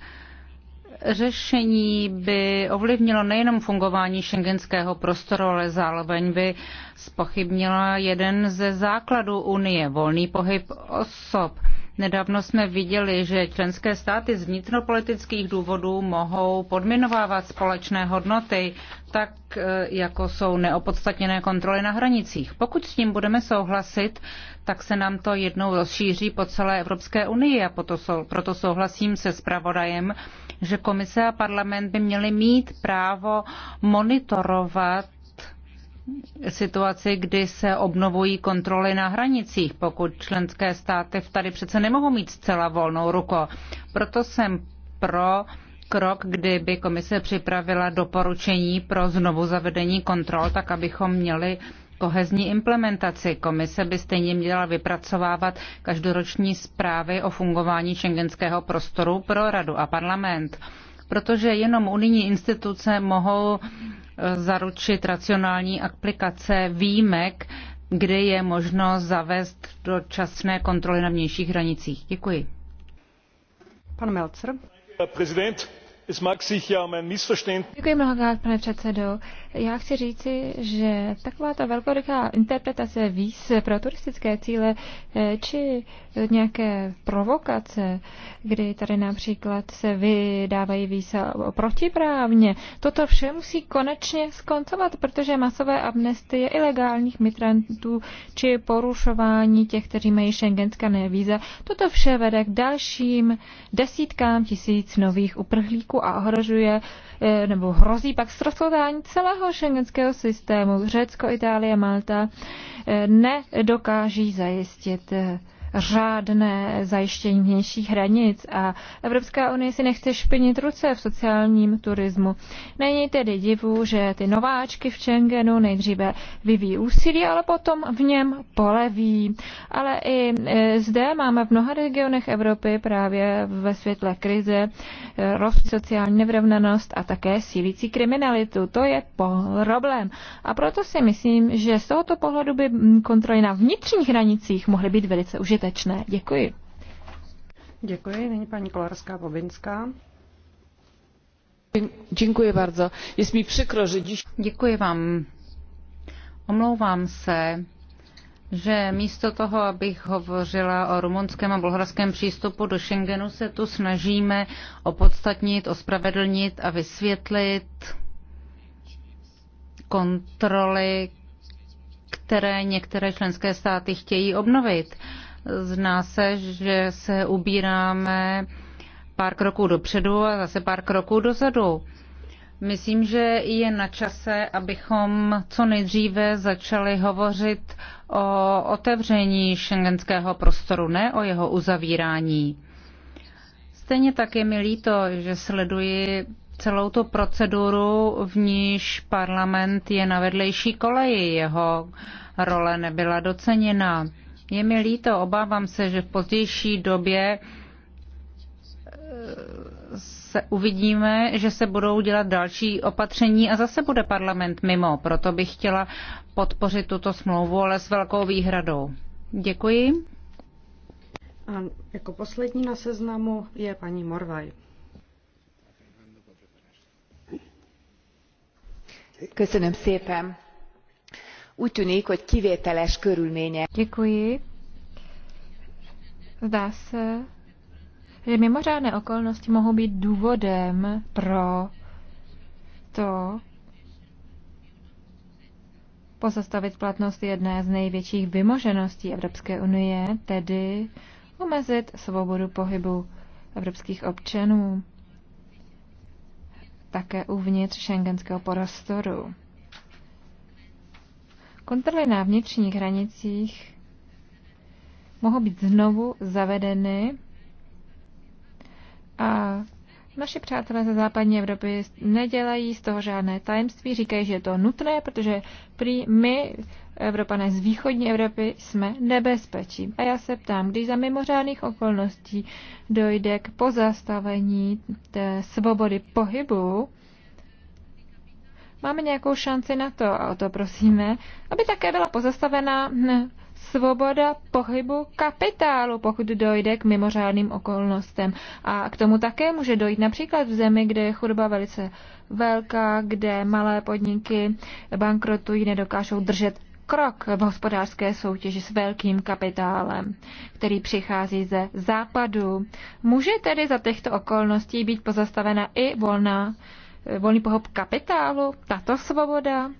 Řešení by ovlivnilo nejenom fungování šengenského prostoru, ale zároveň by spochybnila jeden ze základů Unie, volný pohyb osob. Nedávno jsme viděli, že členské státy z vnitropolitických důvodů mohou podminovávat společné hodnoty, tak e, jako jsou neopodstatněné kontroly na hranicích. Pokud s tím budeme souhlasit, tak se nám to jednou rozšíří po celé Evropské unii a proto souhlasím se zpravodajem, že komise a parlament by měly mít právo monitorovat situaci, kdy se obnovují kontroly na hranicích, pokud členské státy tady přece nemohou mít zcela volnou ruku. Proto jsem pro krok, kdyby komise připravila doporučení pro znovu zavedení kontrol, tak abychom měli kohezní implementaci. Komise by stejně měla vypracovávat každoroční zprávy o fungování šengenského prostoru pro radu a parlament protože jenom unijní instituce mohou eh, zaručit racionální aplikace výjimek, kde je možno zavést dočasné kontroly na vnějších hranicích. Děkuji. Pan Melcer. Prezident. Um pane předsedo. Já chci říci, že taková ta velkorychá interpretace víz pro turistické cíle eh, či nějaké provokace, kdy tady například se vydávají víza protiprávně, toto vše musí konečně skoncovat, protože masové amnestie ilegálních migrantů či porušování těch, kteří mají šengenská víza, toto vše vede k dalším desítkám tisíc nových uprchlíků a ohrožuje e, nebo hrozí pak ztroskotání celého šengenského systému. Řecko, Itálie, Malta e, nedokáží zajistit e, řádné zajištění vnějších hranic a Evropská unie si nechce špinit ruce v sociálním turismu. Není tedy divu, že ty nováčky v Schengenu nejdříve vyvíjí úsilí, ale potom v něm poleví. Ale i e, zde máme v mnoha regionech Evropy právě ve světle krize e, rost sociální nevrovnanost a také sílící kriminalitu. To je problém. A proto si myslím, že z tohoto pohledu by kontroly na vnitřních hranicích mohly být velice užitečné užitečné. Děkuji. Děkuji. Nyní paní Kolarská Bobinská. Děkuji bardzo. Je mi přikro, že díš... Děkuji vám. Omlouvám se, že místo toho, abych hovořila o rumunském a bulharském přístupu do Schengenu, se tu snažíme opodstatnit, ospravedlnit a vysvětlit kontroly, které některé členské státy chtějí obnovit. Zná se, že se ubíráme pár kroků dopředu a zase pár kroků dozadu. Myslím, že je na čase, abychom co nejdříve začali hovořit o otevření šengenského prostoru, ne o jeho uzavírání. Stejně tak je mi líto, že sleduji celou tu proceduru, v níž parlament je na vedlejší koleji. Jeho role nebyla doceněna. Je mi líto, obávám se, že v pozdější době eh, se uvidíme, že se budou dělat další opatření a zase bude parlament mimo. Proto bych chtěla podpořit tuto smlouvu, ale s velkou výhradou. Děkuji. A jako poslední na seznamu je paní Morvaj. Köszönöm szépen Úgy tűnik, hogy kivételes körülmények. Děkuji. Zdá se, že mimořádné okolnosti mohou být důvodem pro to, pozastavit platnost jedné z největších vymožeností Evropské unie, tedy omezit svobodu pohybu evropských občanů také uvnitř šengenského prostoru. Kontroly na vnitřních hranicích mohou být znovu zavedeny a naši přátelé ze západní Evropy nedělají z toho žádné tajemství, říkají, že je to nutné, protože prý my, Evropané z východní Evropy, jsme nebezpečí. A já se ptám, když za mimořádných okolností dojde k pozastavení té svobody pohybu, máme nějakou šanci na to, a o to prosíme, aby také byla pozastavena svoboda pohybu kapitálu, pokud dojde k mimořádným okolnostem. A k tomu také může dojít například v zemi, kde je chudoba velice velká, kde malé podniky bankrotují, nedokážou držet krok v hospodářské soutěži s velkým kapitálem, který přichází ze západu. Může tedy za těchto okolností být pozastavena i volná volný pohyb kapitálu, tato svoboda.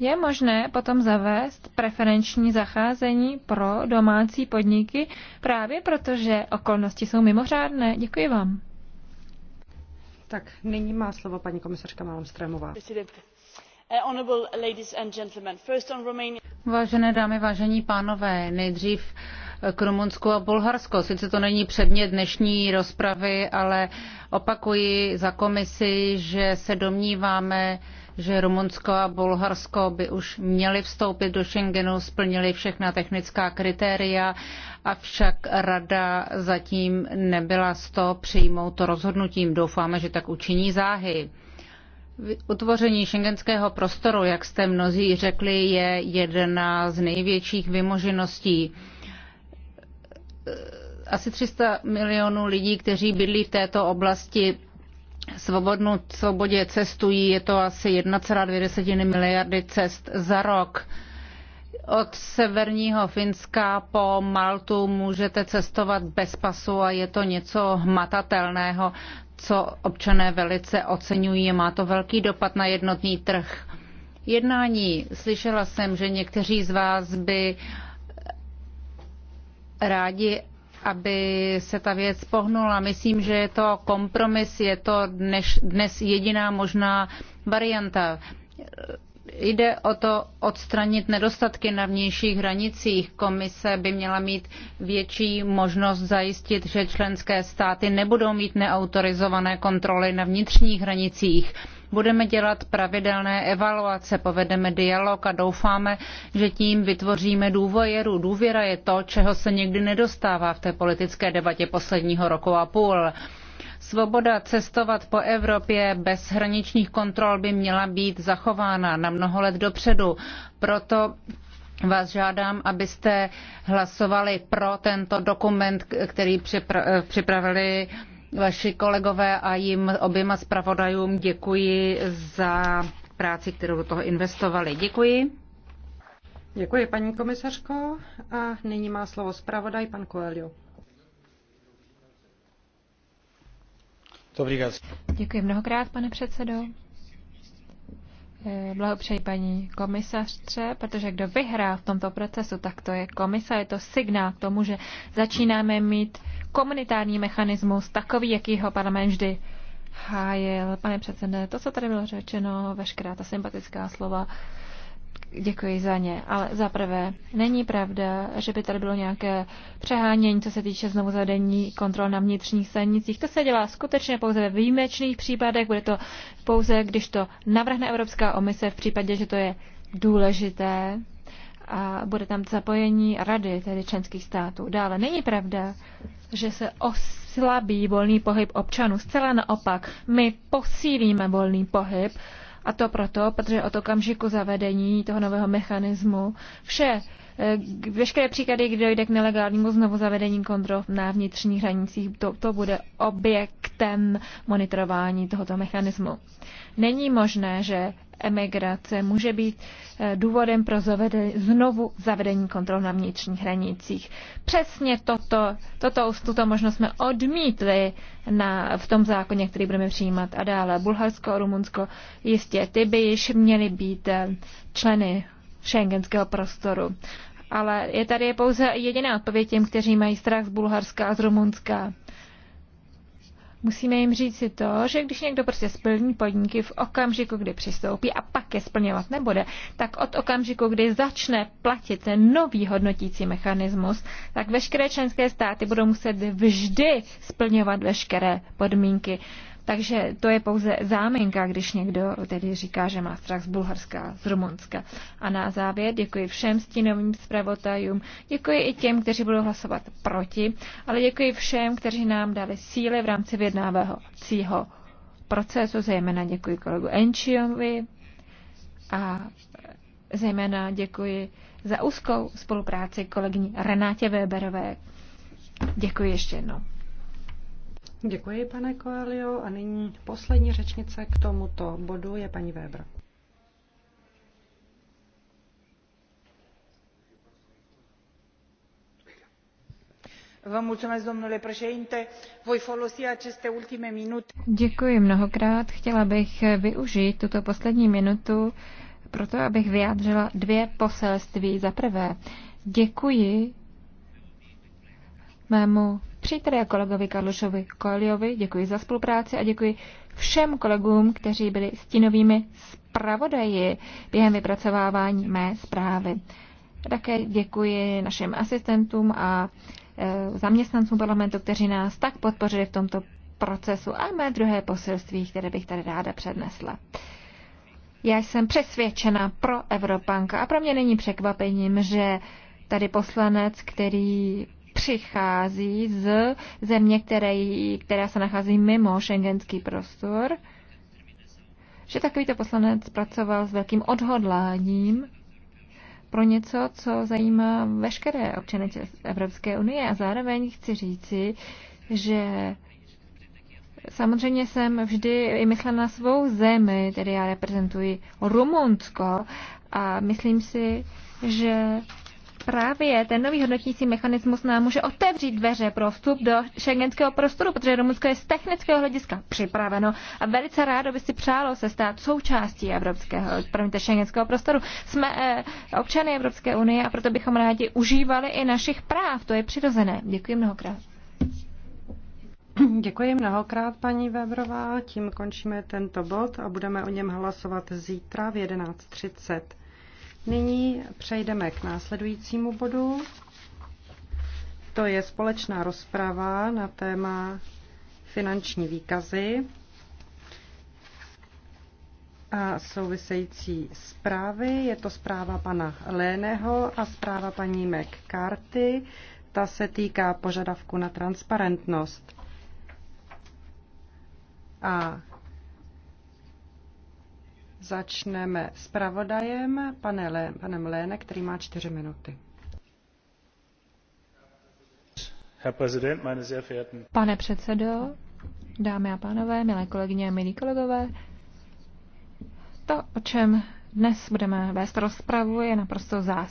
Je možné potom zavést preferenční zacházení pro domácí podniky právě protože okolnosti jsou mimořádné. Děkuji vám. Tak nyní má slovo paní komisařka Malmströmová. Eh, Vážené dámy, vážení pánové, nejdřív k Rumunsku a Bulharsku. Sice to není předmět dnešní rozpravy, ale opakuji za komisi, že se domníváme, že Rumunsko a Bulharsko by už měly vstoupit do Schengenu, splnili všechna technická kritéria, avšak rada zatím nebyla z toho přijmout to rozhodnutím. Doufáme, že tak učiní záhy. Utvoření šengenského prostoru, jak jste mnozí řekli, je jedna z největších vymožeností Eh, asi 300 milionů lidí, kteří bydlí v této oblasti, svobodnou svobodě cestují, je to asi 1,2 miliardy cest za rok. Od severního Finska po Maltu můžete cestovat bez pasu a je to něco hmatatelného, co občané velice oceňují a má to velký dopad na jednotný trh. Jednání. Slyšela jsem, že někteří z vás by uh, rádi, aby se ta věc pohnula. Myslím, že je to kompromis, je to dnes, dnes jediná možná varianta. Jde o to odstranit nedostatky na vnějších hranicích. Komise by měla mít větší možnost zajistit, že členské státy nebudou mít neautorizované kontroly na vnitřních hranicích Budeme dělat pravidelné evaluace, povedeme dialog a doufáme, že tím vytvoříme důvěru. Důvěra je to, čeho se někdy nedostává v té politické debatě posledního roku a půl. Svoboda cestovat po Evropě bez hraničních kontrol by měla být zachována na mnoho let dopředu. Proto vás žádám, abyste hlasovali pro tento dokument, který připra- připravili vaši kolegové a jim oběma zpravodajům děkuji za práci, kterou do toho investovali. Děkuji. Děkuji, paní komisařko. A nyní má slovo zpravodaj, pan Coelho. Děkuji mnohokrát, pane předsedo. Eh, blahopřeji paní komisařce, protože kdo vyhrá v tomto procesu, tak to je komisa. Je to signál k tomu, že začínáme mít komunitární mechanismus, takový, jaký ho parlament vždy hájil. Pane předsedne, to, co tady bylo řečeno, veškerá ta sympatická slova, Děkuji za ně. Ale za prvé, není pravda, že by tady bylo nějaké přehánění, co se týče znovu zadení kontrol na vnitřních silnicích. To se dělá skutečně pouze ve výjimečných případech. Bude to pouze, když to navrhne Evropská komise v případě, že to je důležité a bude tam zapojení rady, tedy členských států. Dále není pravda, že se oslabí volný pohyb občanů. Zcela naopak, my posílíme volný pohyb a to proto, protože od okamžiku zavedení toho nového mechanismu vše, eh, veškeré příklady, kdy dojde k nelegálnímu znovu zavedení kontrol na vnitřních hranicích, to, to bude objektem monitorování tohoto mechanismu. Není možné, že emigrace může být eh, důvodem pro zavedení, znovu zavedení kontrol na vnitřních hranicích. Přesně toto, toto, tuto možnost jsme odmítli na, v tom zákoně, který budeme přijímat a dále. Bulharsko, Rumunsko, jistě, ty by již měly být eh, členy šengenského prostoru. Ale je tady pouze jediná odpověď těm, kteří mají strach z Bulharska a z Rumunska. Musíme jim říct si to, že když někdo prostě splní podniky v okamžiku, kdy přistoupí a pak je splňovat nebude, tak od okamžiku, kdy začne platit ten nový hodnotící mechanismus, tak veškeré členské státy budou muset vždy splňovat veškeré podmínky. Takže to je pouze záminka, když někdo tedy říká, že má strach z Bulharska, z Rumunska. A na závěr děkuji všem stínovým zpravotajům, děkuji i těm, kteří budou hlasovat proti, ale děkuji všem, kteří nám dali síly v rámci cího procesu, zejména děkuji kolegu Enčiovi a zejména děkuji za úzkou spolupráci kolegyni Renátě Weberové. Děkuji ještě jednou. Děkuji, pane Koelio. A nyní poslední řečnice k tomuto bodu je paní Weber. domnule președinte voi folosi aceste ultime minute. děkuji mnohokrát chtěla bych využít tuto poslední minutu proto abych vyjádřila dvě poselství za prvé děkuji mému Přeji a kolegovi Karlušovi Koeliovi, děkuji za spolupráci a děkuji všem kolegům, kteří byli stínovými zpravodaji během vypracovávání mé zprávy. Také děkuji našim asistentům a e, zaměstnancům parlamentu, kteří nás tak podpořili v tomto procesu a mé druhé poselství, které bych tady ráda přednesla. Já jsem přesvědčena pro Evropanka a pro mě není překvapením, že tady poslanec, který přichází z země, které, která se nachází mimo šengenský prostor, že takovýto poslanec pracoval s velkým odhodláním pro něco, co zajímá veškeré občany Evropské unie. A zároveň chci říci, že Samozřejmě jsem vždy i myslela na svou zemi, tedy já reprezentuji Rumunsko a myslím si, že právě ten nový hodnotící mechanismus nám může otevřít dveře pro vstup do šengenského prostoru, protože Rumunsko je z technického hlediska připraveno a velice rádo by si přálo se stát součástí evropského, promiňte, šengenského prostoru. Jsme eh, občany Evropské unie a proto bychom rádi užívali i našich práv. To je přirozené. Děkuji mnohokrát. Děkuji mnohokrát, paní Weberová. Tím končíme tento bod a budeme o něm hlasovat zítra v 11.30. Nyní přejdeme k následujícímu bodu. To je společná rozprava na téma finanční výkazy a související zprávy. Je to zpráva pana Léného a zpráva paní McCarty. Ta se týká požadavku na transparentnost. A Začneme s pravodajem, pane Lé, panem Léne, který má čtyři minuty. Pane předsedo, dámy a pánové, milé kolegyně a milí kolegové, to, o čem dnes budeme vést rozpravu, je naprosto zásadní.